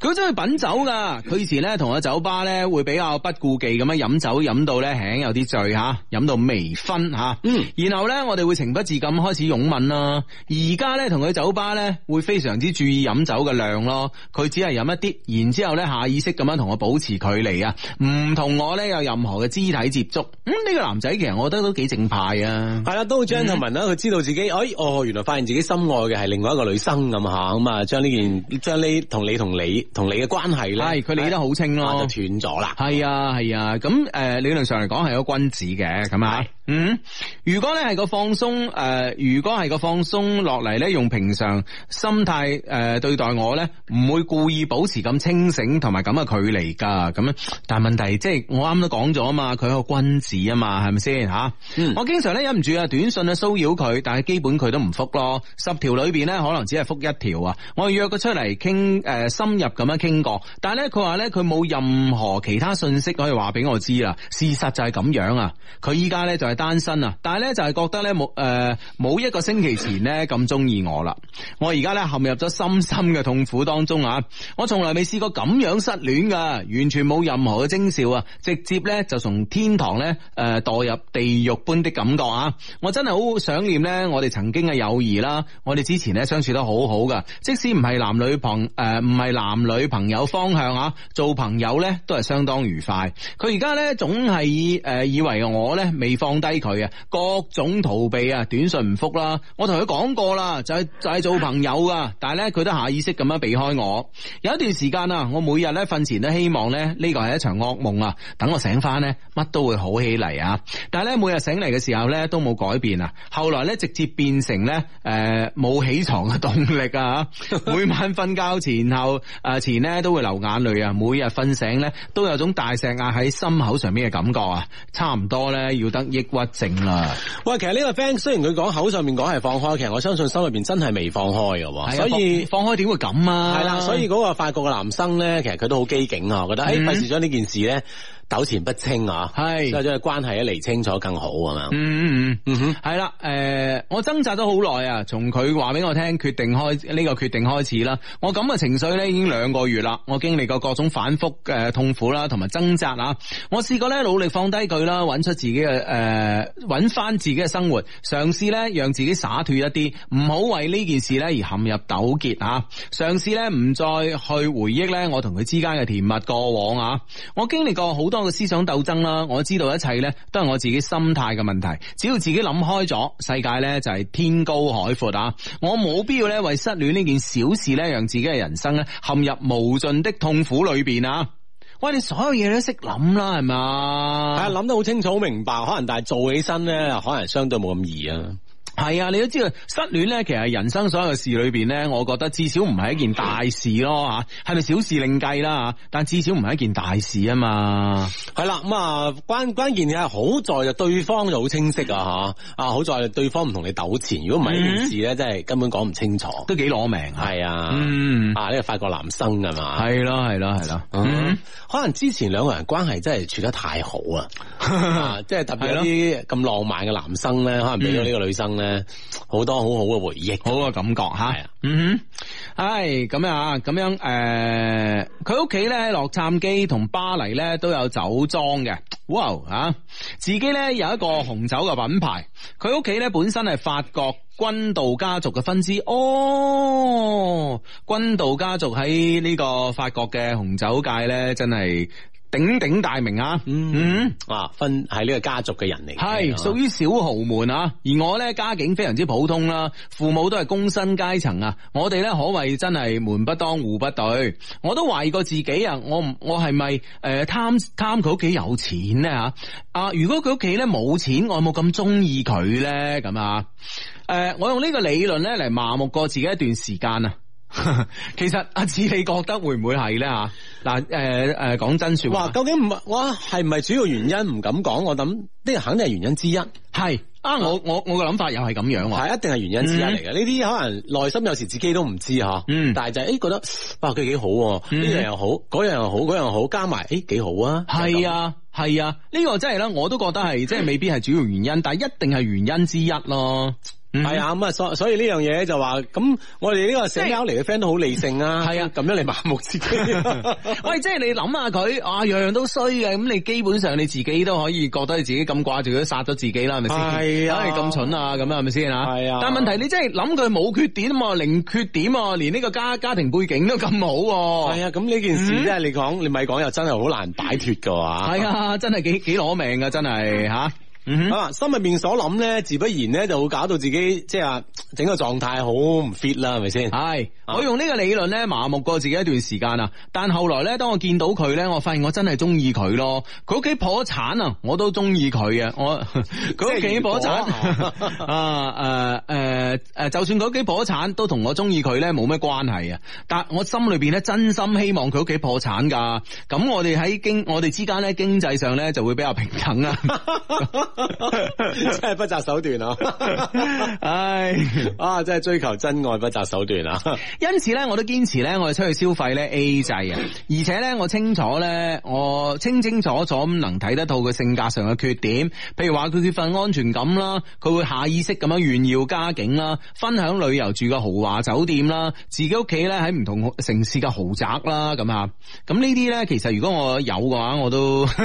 佢真係品酒噶，佢以前咧同我酒吧咧會比較不顧忌咁樣飲酒，飲到咧有啲醉吓，飲到微醺吓。嗯，然後咧我哋會情不自禁開始擁吻啦。而家咧同佢酒吧咧會非常之注意飲酒嘅量咯，佢只係飲一啲，然之後咧下意識咁樣同我保持距離啊，唔同我咧有任何嘅肢體接觸。咁、嗯、呢、這個男仔其實我覺得都幾正派啊。係、嗯、啦，都 gentleman 啦，佢知道自己，哎，哦，原來發現自己心愛嘅係另外一個女生咁吓，咁啊，將呢件，將呢，同你同你。同你嘅關係咧，係佢理得好清咯、啊，就斷咗啦。係啊係啊，咁誒、啊，理論上嚟講係一個君子嘅咁啊。嗯，如果咧係個放鬆誒、呃，如果係個放鬆落嚟咧，用平常心態誒、呃、對待我咧，唔會故意保持咁清醒同埋咁嘅距離噶。咁樣，但係問題即係我啱都講咗啊嘛，佢係個君子啊嘛，係咪先吓？嗯，我經常咧忍唔住啊，短信啊騷擾佢，但係基本佢都唔覆咯。十條裏邊咧，可能只係覆一條啊。我約佢出嚟傾誒，深入咁樣傾過，但係咧佢話咧佢冇任何其他信息可以話俾我知啦。事實就係咁樣啊，佢依家咧就係。單身啊！但係咧就係覺得咧冇誒冇一個星期前咧咁鍾意我啦。我而家咧陷入咗深深嘅痛苦當中啊！我從來未試過咁樣失戀噶，完全冇任何嘅徵兆啊！直接咧就從天堂咧誒、呃、墮入地獄般的感覺啊！我真係好想念咧我哋曾經嘅友誼啦，我哋之前咧相處得好好噶，即使唔係男女朋誒唔係男女朋友方向啊，做朋友咧都係相當愉快。佢而家咧總係誒以、呃、以為我咧未放低佢啊，各種逃避啊，短信唔復啦。我同佢講過啦，就係就係做朋友噶。但係咧，佢都下意識咁樣避開我。有一段時間啊，我每日咧瞓前都希望咧呢個係一場噩夢啊，等我醒翻咧乜都會好起嚟啊。但係咧每日醒嚟嘅時候咧都冇改變啊。後來咧直接變成咧誒冇起床嘅動力啊。每晚瞓覺前後誒前咧都會流眼淚啊。每日瞓醒咧都有種大石壓喺心口上面嘅感覺啊。差唔多咧要得億。屈靜啦，喂，其實呢個 friend 雖然佢講口上面講係放開，其實我相信心裏邊真係未放開嘅，所以放開點會咁啊？係啦，所以嗰個法國嘅男生咧，其實佢都好機警啊，我覺得誒，費事將呢件事咧。糾纏不清啊，係，即係將個關係一厘清楚更好啊嘛，嗯嗯嗯嗯，係、嗯、啦，誒、嗯呃，我掙扎咗好耐啊，從佢話俾我聽決定開呢、這個決定開始啦，我咁嘅情緒咧已經兩個月啦，我經歷過各種反覆嘅、呃、痛苦啦，同埋掙扎啊，我試過咧努力放低佢啦，揾出自己嘅誒，揾、呃、翻自己嘅生活，嘗試咧讓自己灑脱一啲，唔好為呢件事咧而陷入糾結啊，嘗試咧唔再去回憶咧我同佢之間嘅甜蜜過往啊，我經歷過好多。我個思想鬥爭啦，我知道一切呢都係我自己心態嘅問題。只要自己諗開咗，世界呢，就係天高海闊啊！我冇必要呢為失戀呢件小事呢，讓自己嘅人生呢陷入無盡的痛苦裏邊啊！喂，你所有嘢都識諗啦，係嘛？係啊，諗得好清楚、好明白，可能但係做起身呢，可能相對冇咁易啊。係啊，你都知道失戀咧，其實人生所有嘅事裏邊咧，我覺得至少唔係一件大事咯吓，係、嗯、咪小事另計啦，但至少唔係一件大事啊嘛。係啦、啊，咁啊關關鍵嘅好在就對方就好清晰，啊吓，啊好在對方唔同你糾纏，如果唔係呢件事咧，真係根本講唔清楚，嗯、都幾攞命。係啊，嗯啊，呢個法國男生噶嘛，係咯係咯係咯，可能之前兩個人關係真係處得太好啊。即 係特別啲咁浪漫嘅男生咧，可能俾到呢個女生咧好多好好嘅回憶，嗯、好嘅感覺吓。係啊，嗯哼，係咁樣啊，咁樣誒，佢屋企咧，喺洛杉磯同巴黎咧都有酒莊嘅。哇吓、啊，自己咧有一個紅酒嘅品牌。佢屋企咧本身係法國君度家族嘅分支。哦，君度家族喺呢個法國嘅紅酒界咧，真係。鼎鼎大名、嗯嗯、啊！嗯啊，分係呢個家族嘅人嚟，係屬於小豪門啊。而我咧家境非常之普通啦，父母都係工薪階層啊。我哋咧可謂真係門不當戶不對。我都懷疑過自己啊，我唔我係咪誒貪貪佢屋企有錢咧吓？啊，如果佢屋企咧冇錢，我有冇咁中意佢咧？咁啊？誒，我用呢個理論咧嚟麻木過自己一段時間啊！ 其實阿子你覺得會唔會係咧吓嗱？誒誒，講真話說話，究竟唔係我係唔係主要原因？唔敢講，我諗呢個肯定係原因之一。係啊，我我我個諗法又係咁樣。係一定係原因之一嚟嘅。呢、嗯、啲可能內心有時自己都唔知吓、嗯。但係就誒覺得，哇佢幾好，呢樣又好，嗰樣又好，嗰樣好，加埋誒幾好係啊！係啊係啊，呢、啊呢個真係咧，我都覺得係， 即係未必係主要原因，但係一定係原因之一咯。係、mm-hmm. 哎就是、啊，咁啊，所所以呢樣嘢 就話、是，咁我哋呢個社交嚟嘅 friend 都好理性啊，係啊，咁樣嚟麻木自己。喂，即係你諗下佢，啊樣樣都衰嘅，咁你基本上你自己都可以覺得你自己咁掛住佢殺咗自己啦，係咪先？係啊，咁、啊、蠢啊，咁啊，係咪先吓？係啊，但係問題你真係諗佢冇缺點、啊，零缺點、啊，連呢個家家庭背景都咁好。係啊，咁呢、啊、件事咧、mm-hmm.，你講你咪講又真係好難擺脫噶，係 啊，真係幾幾攞命噶， 真係吓。啊嗯啊、心入面所諗咧，自不然咧，就會搞到自己即係啊，整個狀態好唔 fit 啦，係咪先？係、啊、我用呢個理論咧，麻木過自己一段時間啊。但後來咧，當我見到佢咧，我發現我真係中意佢咯。佢屋企破產啊，我都中意佢啊。我佢屋企破產啊，誒誒誒，就算佢屋企破產，都同我中意佢咧冇咩關係啊。但我心裏邊咧，真心希望佢屋企破產噶。咁我哋喺經我哋之間咧，經濟上咧就會比較平等啊。 真係不擇手段啊！ 唉，啊，真係追求真愛不擇手段啊！ 因此呢，我都堅持呢，我哋出去消費呢 A 制啊！而且呢，我清楚呢，我清清楚楚咁能睇得到佢性格上嘅缺點，譬如話佢缺乏安全感啦，佢會下意識咁樣炫耀家境啦，分享旅遊住個豪華酒店啦，自己屋企呢，喺唔同城市嘅豪宅啦，咁啊，咁呢啲呢，其實如果我有嘅話，我都。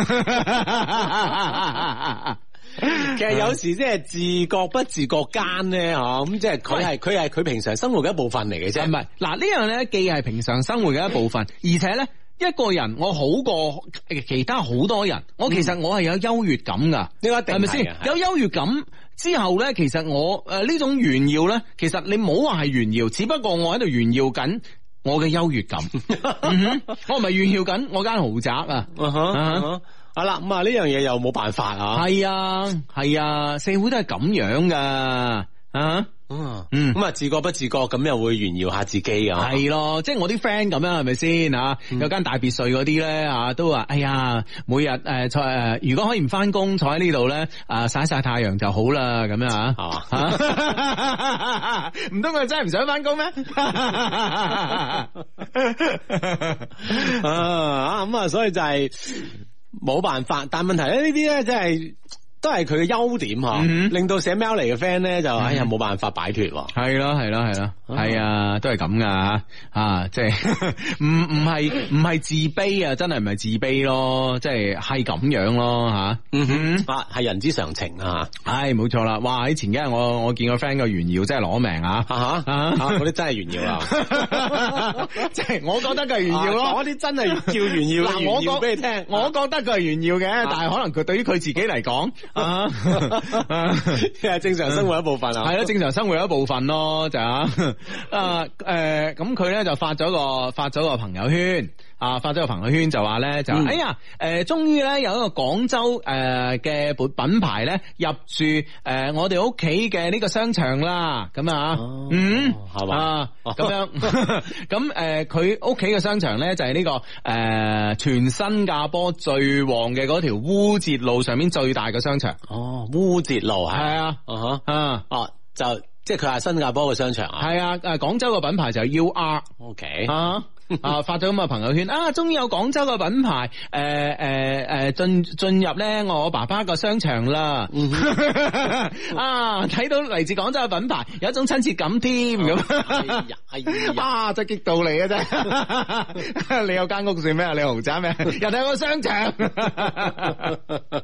其實有時即係自覺不自覺間咧，吓咁即係佢係佢係佢平常生活嘅一部分嚟嘅啫。唔係嗱，呢樣咧既係平常生活嘅一部分，而且咧，一個人我好過其他好多人、嗯，我其實我係有優越感噶。你話係咪先有優越感之後咧？其實我誒呢種炫耀咧，其實你唔好話係炫耀，只不過我喺度炫耀緊我嘅優越感。 我唔係炫耀緊我間豪宅啊！嗯、啊、哼。啊係、嗯、啦，咁啊呢樣嘢，又冇辦法啊！係啊，係啊，社會都係咁樣噶，啊，嗯，咁、嗯、啊自覺不自覺咁又會炫耀下自己啊。係咯、啊，即係我啲 friend 咁樣，係咪先啊？有間大別墅嗰啲咧啊，都話哎呀，每日誒坐誒，如果可以唔翻工坐喺呢度咧，啊曬曬太陽就好啦，咁樣啊，係 嘛？ 唔通佢真係唔想翻工咩？啊咁啊，所以就係、是。冇辦法，但問題咧呢啲咧真係。都係佢嘅優點吓，令到寫 mail 嚟嘅 friend 咧就哎呀冇辦法擺脫。係咯係咯係咯，係啊都係咁噶啊即係唔唔係唔係自卑啊，真係唔係自卑咯，即係係咁樣咯吓，嗯哼，係人之常情啊，係冇錯啦。哇喺前幾日我我見個 friend 嘅炫耀真係攞命啊，吓吓嗰啲真係炫耀啊，即、啊、係 我覺得佢係炫耀咯，嗰啲真係叫炫耀。嗱，我講俾你聽、啊，我覺得佢係炫耀嘅、啊，但係可能佢對於佢自己嚟講。啊，即係正常生活一部分啊，係 咯，正常生活一部分咯，就啊，誒，咁佢咧就發咗個，發咗個朋友圈。啊！發咗個朋友圈就話咧，就哎呀，誒，終於咧有一個廣州誒嘅本品牌咧入住誒我哋屋企嘅呢個商場啦，咁啊、哦，嗯，係嘛，咁、啊、樣，咁誒佢屋企嘅商場咧就係呢、這個誒、呃、全新加坡最旺嘅嗰條烏節路上面最大嘅商場。哦，烏節路係係啊，啊，啊，啊，啊，啊，啊，就即係佢係新加坡嘅商場啊。係啊，誒，廣州嘅品牌就係 U R。O K 啊。啊！發咗咁嘅朋友圈啊，終於有廣州嘅品牌誒誒誒進進入咧我爸爸個商場啦、 啊 哎哎！啊，睇到嚟自廣州嘅品牌， 有一種親切感添咁呀，真係激到嚟嘅啫，你有間屋算咩啊？你豪宅咩？又睇個商場。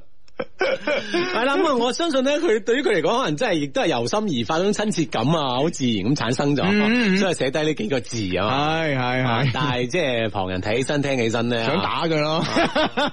係 啦，咁啊，我相信咧，佢對於佢嚟講，可能真係亦都係由心而發嗰種親切感啊，好自然咁產生咗，嗯，所以寫低呢幾個字啊，係係係，但係即係旁人睇起身，聽起身咧，想打佢咯，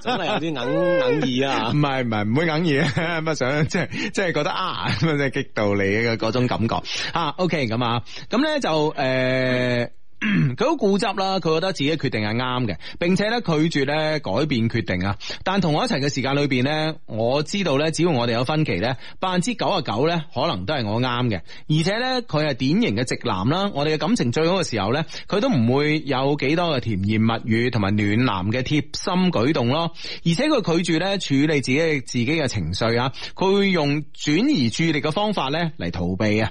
真係有啲硬 硬意啊，唔係唔係唔會硬意啊， 即係即係，啊，咪想即係即係覺得啊，即係激到你嘅嗰種感覺啊，OK，咁啊，咁咧就誒。呃佢好 固執啦，佢覺得自己決定係啱嘅，並且咧拒絕咧改變決定啊！但同我一齊嘅時間裏邊咧，我知道咧，只要我哋有分歧咧，百分之九十九咧可能都係我啱嘅。而且咧，佢係典型嘅直男啦。我哋嘅感情最好嘅時候咧，佢都唔會有幾多嘅甜言蜜語同埋暖男嘅貼心舉動咯。而且佢拒絕咧處理自己嘅自己嘅情緒啊，佢會用轉移注意力嘅方法咧嚟逃避啊。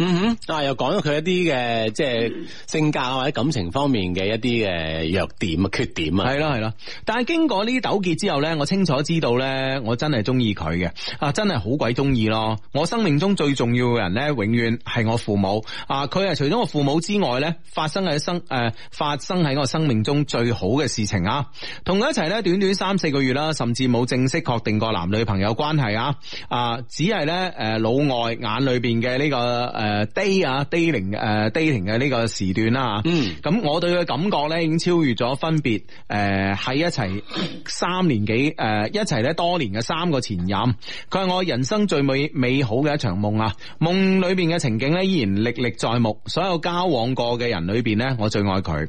嗯哼，啊又講咗佢一啲嘅即係性格或者感情方面嘅一啲嘅弱點啊缺點啊，係咯係咯。但係經過呢啲糾結之後咧，我清楚知道咧，我真係中意佢嘅，啊真係好鬼中意咯。我生命中最重要嘅人咧，永遠係我父母。啊，佢係除咗我父母之外咧，發生喺生誒、呃、發生喺我生命中最好嘅事情啊。同佢一齊咧，短短三四個月啦，甚至冇正式確定過男女朋友的關係啊。啊、呃，只係咧誒老外眼裏邊嘅呢個誒。呃誒、uh,，day 啊、uh,，dating 誒、uh,，dating 嘅呢個時段啦吓，咁、嗯、我對佢嘅感覺咧，已經超越咗分別誒喺、uh, 一齊三年幾誒、uh, 一齊咧多年嘅三個前任，佢係我人生最美美好嘅一場夢啊！夢裏邊嘅情景咧依然歷歷在目，所有交往過嘅人裏邊咧，我最愛佢。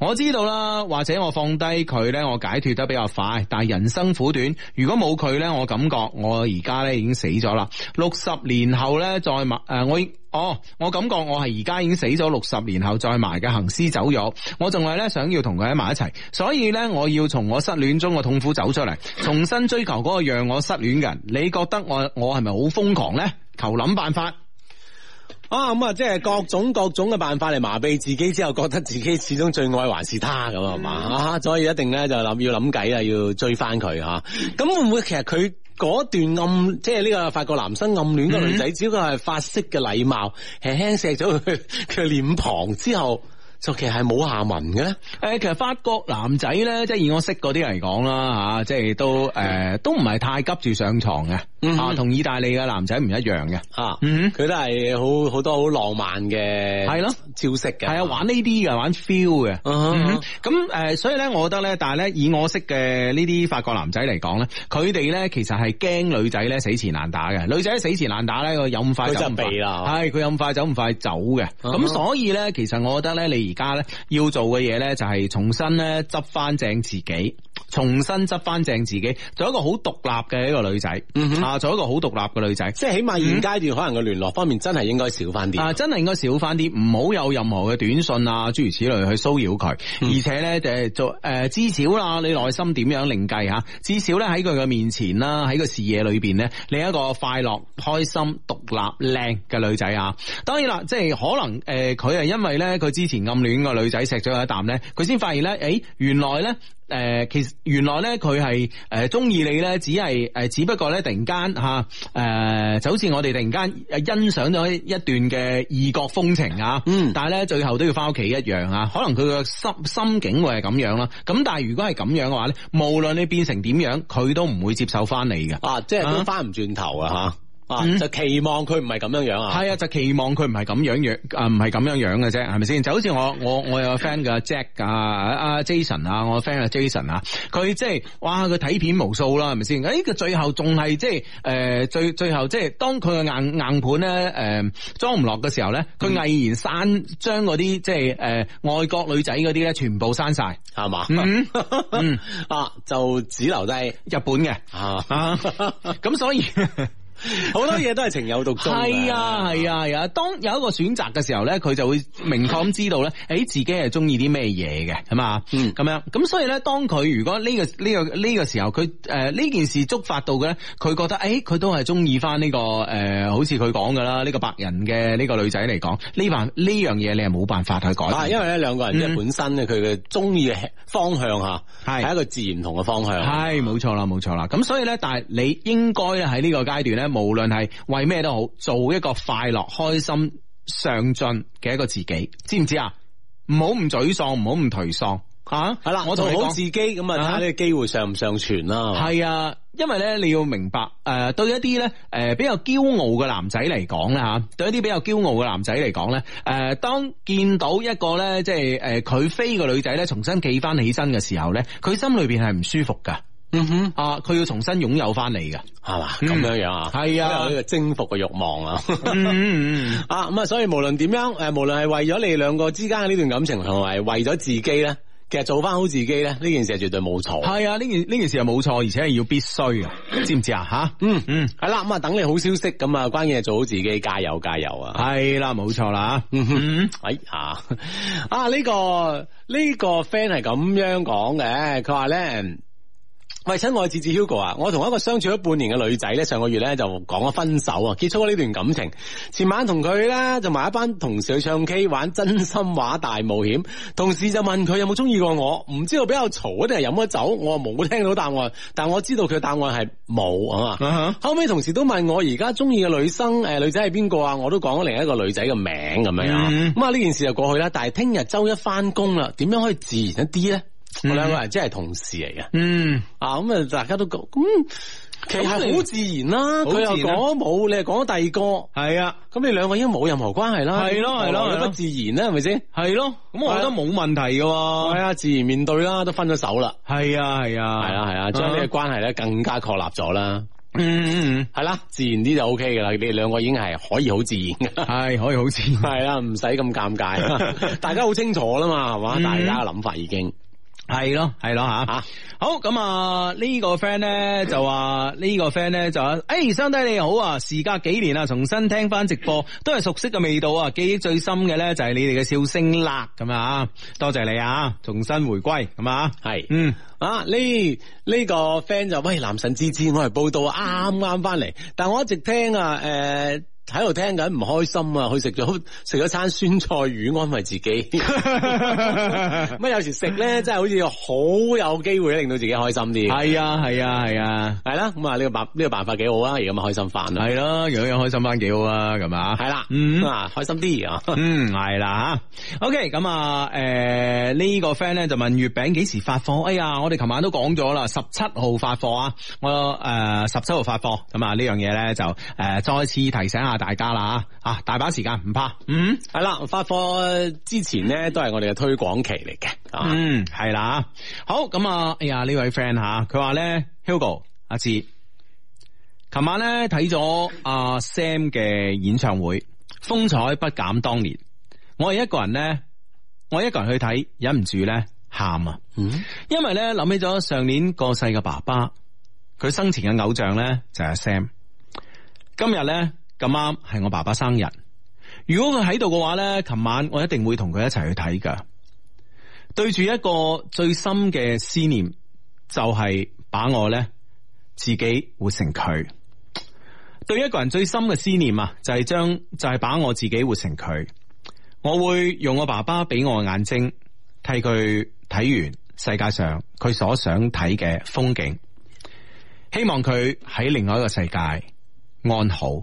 我知道啦，或者我放低佢咧，我解脱得比較快，但係人生苦短，如果冇佢咧，我感覺我而家咧已經死咗啦。六十年後咧再誒，uh, 我哦，我感覺我係而家已經死咗，六十年後再埋嘅行屍走肉，我仲係咧想要同佢喺埋一齊，所以咧我要從我失戀中嘅痛苦走出嚟，重新追求嗰個讓我失戀嘅人。你覺得我我係咪好瘋狂咧？求諗辦法。啊，咁啊，即係各種各種嘅辦法嚟麻痹自己之後，覺得自己始終最愛還是他咁啊嘛，嗯、所以一定咧就諗要諗計啊，要追翻佢吓。咁會唔會其實佢嗰段暗，即係呢個法國男生暗戀個女仔，只不過係法式嘅禮貌，輕輕錫咗佢嘅臉龐之後，就其實係冇下文嘅。誒，其實法國男仔咧，即係以我識嗰啲人嚟講啦吓，即係都誒都唔係太急住上床嘅。啊、嗯，同意大利嘅男仔唔一樣嘅，啊，佢都係好好多好浪漫嘅，係咯，招式嘅，係啊，玩呢啲嘅，玩 feel 嘅，咁、嗯、誒、嗯嗯，所以咧，我覺得咧，但係咧，以我識嘅呢啲法國男仔嚟講咧，佢哋咧其實係驚女仔咧死纏爛打嘅，女仔死纏爛打咧有咁快，快，佢就唔避啦，係，佢咁快走唔快走嘅，咁、嗯、所以咧，其實我覺得咧，你而家咧要做嘅嘢咧，就係重新咧執翻正自己。重新執翻正自己，做一個好獨立嘅一個女仔、嗯，啊，做一個好獨立嘅女仔，即係起碼現階段可能個聯絡方面真係應該少翻啲、嗯，啊，真係應該少翻啲，唔好有任何嘅短信啊諸如此類去騷擾佢、嗯，而且呢，就誒、呃、至少啦，你內心點樣另計下，至少呢，喺佢嘅面前啦，喺個視野裏面呢，你係一個快樂、開心、獨立、靚嘅女仔啊，當然啦，即係可能誒佢係因為呢，佢之前暗戀個女仔錫咗佢一啖呢，佢先發現呢、欸，原來呢。誒、呃，其實原來咧佢係誒中意你咧，只係誒、呃、只不過咧突然間吓誒就好似我哋突然間誒欣賞咗一段嘅異國風情啊，嗯、但係咧最後都要翻屋企一樣啊，可能佢嘅心心境會係咁樣啦。咁但係如果係咁樣嘅話咧，無論你變成點樣，佢都唔會接受翻你嘅啊，即係翻唔轉頭啊吓。啊。就期望佢唔係咁樣樣啊？係啊，就期望佢唔係咁樣樣，嗯、啊唔係咁樣樣嘅啫，係咪先？就好似我我我有個 friend 嘅 Jack 啊，阿、啊、Jason 啊，我 friend 啊 Jason 啊，佢即係，哇，佢睇片無數啦，係咪先？誒、哎，佢最後仲係即係，誒、呃，最最後即、就、係、是，當佢嘅硬硬盤咧，誒、呃，裝唔落嘅時候咧，佢毅然刪將嗰啲即係，誒、呃，外國女仔嗰啲咧，全部刪晒，係嘛？嗯， 啊，就只留低日本嘅，啊，咁、啊、所以。 好多嘢都係情有獨鍾。係 啊，係啊，係啊，啊。當有一個選擇嘅時候咧，佢就會明確咁知道咧。誒， 自己係中意啲咩嘢嘅，係嘛？嗯，咁樣。咁所以咧，當佢如果呢、這個呢、這個呢、這個時候，佢誒呢件事觸發到嘅咧，佢覺得，誒、欸，佢都係中意翻呢個誒、呃，好似佢講㗎啦，呢、這個白人嘅呢個女仔嚟講，呢辦呢樣嘢你係冇辦法去改。啊，因為咧兩個人即本身嘅佢嘅中意嘅方向嚇，係係一個自然唔同嘅方向。係冇、啊、錯啦，冇錯啦。咁所以咧，但係你應該咧喺呢個階段咧。無論係為咩都好，做一個快樂、開心、上進嘅一個自己，知唔知啊？唔好唔沮喪，唔好唔頹喪吓。係啦，我同你講，做好自己咁啊，睇下呢個機會上唔上傳啦。係啊，因為咧你要明白誒，對一啲咧誒比較驕傲嘅男仔嚟講咧吓，對一啲比較驕傲嘅男仔嚟講咧，誒，當見到一個咧即係誒佢飛嘅女仔咧，重新企翻起身嘅時候咧，佢心裏邊係唔舒服噶。嗯哼，啊，佢要重新擁有翻你㗎，係嘛咁樣樣啊？係、嗯、啊，呢個征服嘅欲望啊嗯。嗯嗯，啊咁啊，所以無論點樣，誒，無論係為咗你兩個之間嘅呢段感情，同埋為咗自己咧，其實做翻好自己咧，呢件事係絕對冇錯、嗯。係啊，呢件呢件事係冇錯，而且係要必須啊，知唔知啊？吓、嗯，嗯嗯，係啦，咁啊，等你好消息咁啊，關鍵係做好自己，加油加油啊、嗯！係、嗯、啦，冇、啊、錯啦，嗯哼、哎，啊啊，這個這個、呢個呢個 friend 係咁樣講嘅，佢話咧。喂，親愛嘅主持 Hugo 啊，我同一個相處咗半年嘅女仔咧，上個月咧就講咗分手啊，結束咗呢段感情。前晚同佢咧就埋一班同事去唱 K 玩真心話大冒險，同事就問佢有冇中意過我，唔知道比較嘈定係飲咗酒，我冇聽到答案，但我知道佢答案係冇啊。Uh-huh. 後尾同事都問我而家中意嘅女生，誒，女仔係邊個啊？我都講咗另一個女仔嘅名咁樣。咁啊，呢件事就過去啦。但係聽日周一翻工啦，點樣可以自然一啲咧？我兩個人真係同事嚟嘅、嗯啊。嗯，啊咁啊，大家都覺咁，其實好自然啦。佢又講冇，你又講第二個。係啊，咁你兩個已經冇任何關係啦、啊啊。係咯、啊，係咯、啊，啊啊啊、不自然啦、啊，係咪先？係咯、啊，咁、啊、我覺得冇問題嘅。係啊，自然面對啦，都分咗手啦。係啊，係啊，係啊，係啊，將呢個關係咧更加確立咗啦、啊啊啊。 嗯，係啦，自然啲就 O K 噶啦。你哋兩個已經係可以好自然，係可以好自然，係啦，唔使咁尷尬。大家好清楚啦嘛，係嘛？大家嘅諗法已經。係咯，係咯吓吓，好咁啊！呢個 friend 咧就話，呢、這個 friend 咧就話誒，兄弟你好啊，時隔幾年啊，重新聽翻直播，都係熟悉嘅味道啊，記憶最深嘅咧就係你哋嘅笑聲啦，咁啊，多謝你啊，重新回歸咁啊，係，嗯啊，呢、這、呢個 friend 就喂男神之志，我嚟報道，啱啱翻嚟，但我一直聽啊，誒、呃。喺度聽緊唔開心啊！佢食咗食咗餐酸菜魚，安慰自己。乜 有時食咧，真係好似好有機會令到自己開心啲。係啊，係啊，係啊，係啦。咁啊，呢個辦呢個辦法幾好啊！而家咪開心翻咯。係咯，樣樣開心翻幾好啊，咁啊，係啦，嗯啊，開心啲啊。嗯，係啦吓。O K，咁啊，誒、okay, 呢、呃這個 friend 咧就問月餅幾時發貨。哎呀，我哋琴晚都講咗啦，十七號發貨啊。我誒十七號發貨。咁啊呢樣嘢咧就誒、呃、再次提醒下。吓大家啦吓，啊，大把時間唔怕。嗯，係啦，發貨之前咧都係我哋嘅推廣期嚟嘅，啊。嗯，係啦。好，咁啊，哎呀位朋友，啊、呢位 friend 吓，佢話咧 Hugo 阿，啊、志，琴晚咧睇咗阿 Sam 嘅演唱會，風采不減當年。我係一個人咧，我一個人去睇，忍唔住咧喊啊。嗯，因為咧諗起咗上年過世嘅爸爸，佢生前嘅偶像咧就係、是啊、Sam 今。今日咧。咁啱係我爸爸生日。如果佢喺度嘅話咧，琴晚我一定會同佢一齊去睇㗎。對住一個最深嘅思念，就係把我咧自己活成佢。對一個人最深嘅思念啊，就係將就係把我自己活成佢。我會用我爸爸俾我嘅眼睛替佢睇完世界上佢所想睇嘅風景，希望佢喺另外一個世界安好。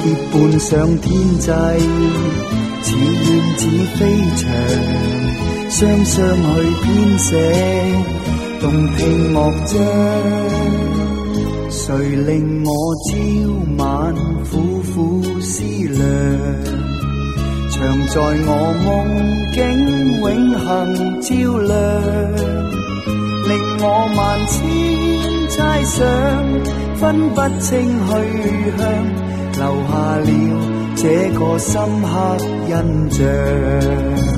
結伴上天際，似燕子飛翔，雙雙去編寫動聽樂章。誰令我朝晚苦苦思量，常在我夢境永恆照亮，令我萬千猜想，分不清去向。留下了這個深刻印象。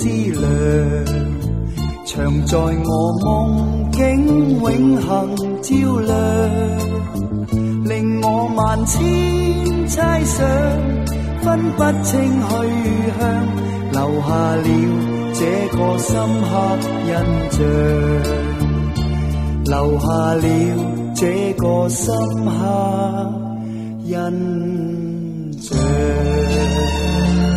思量，常在我夢境永恒照亮，令我萬千猜想分不清去向，留下了這個深刻印象，留下了這個深刻印象。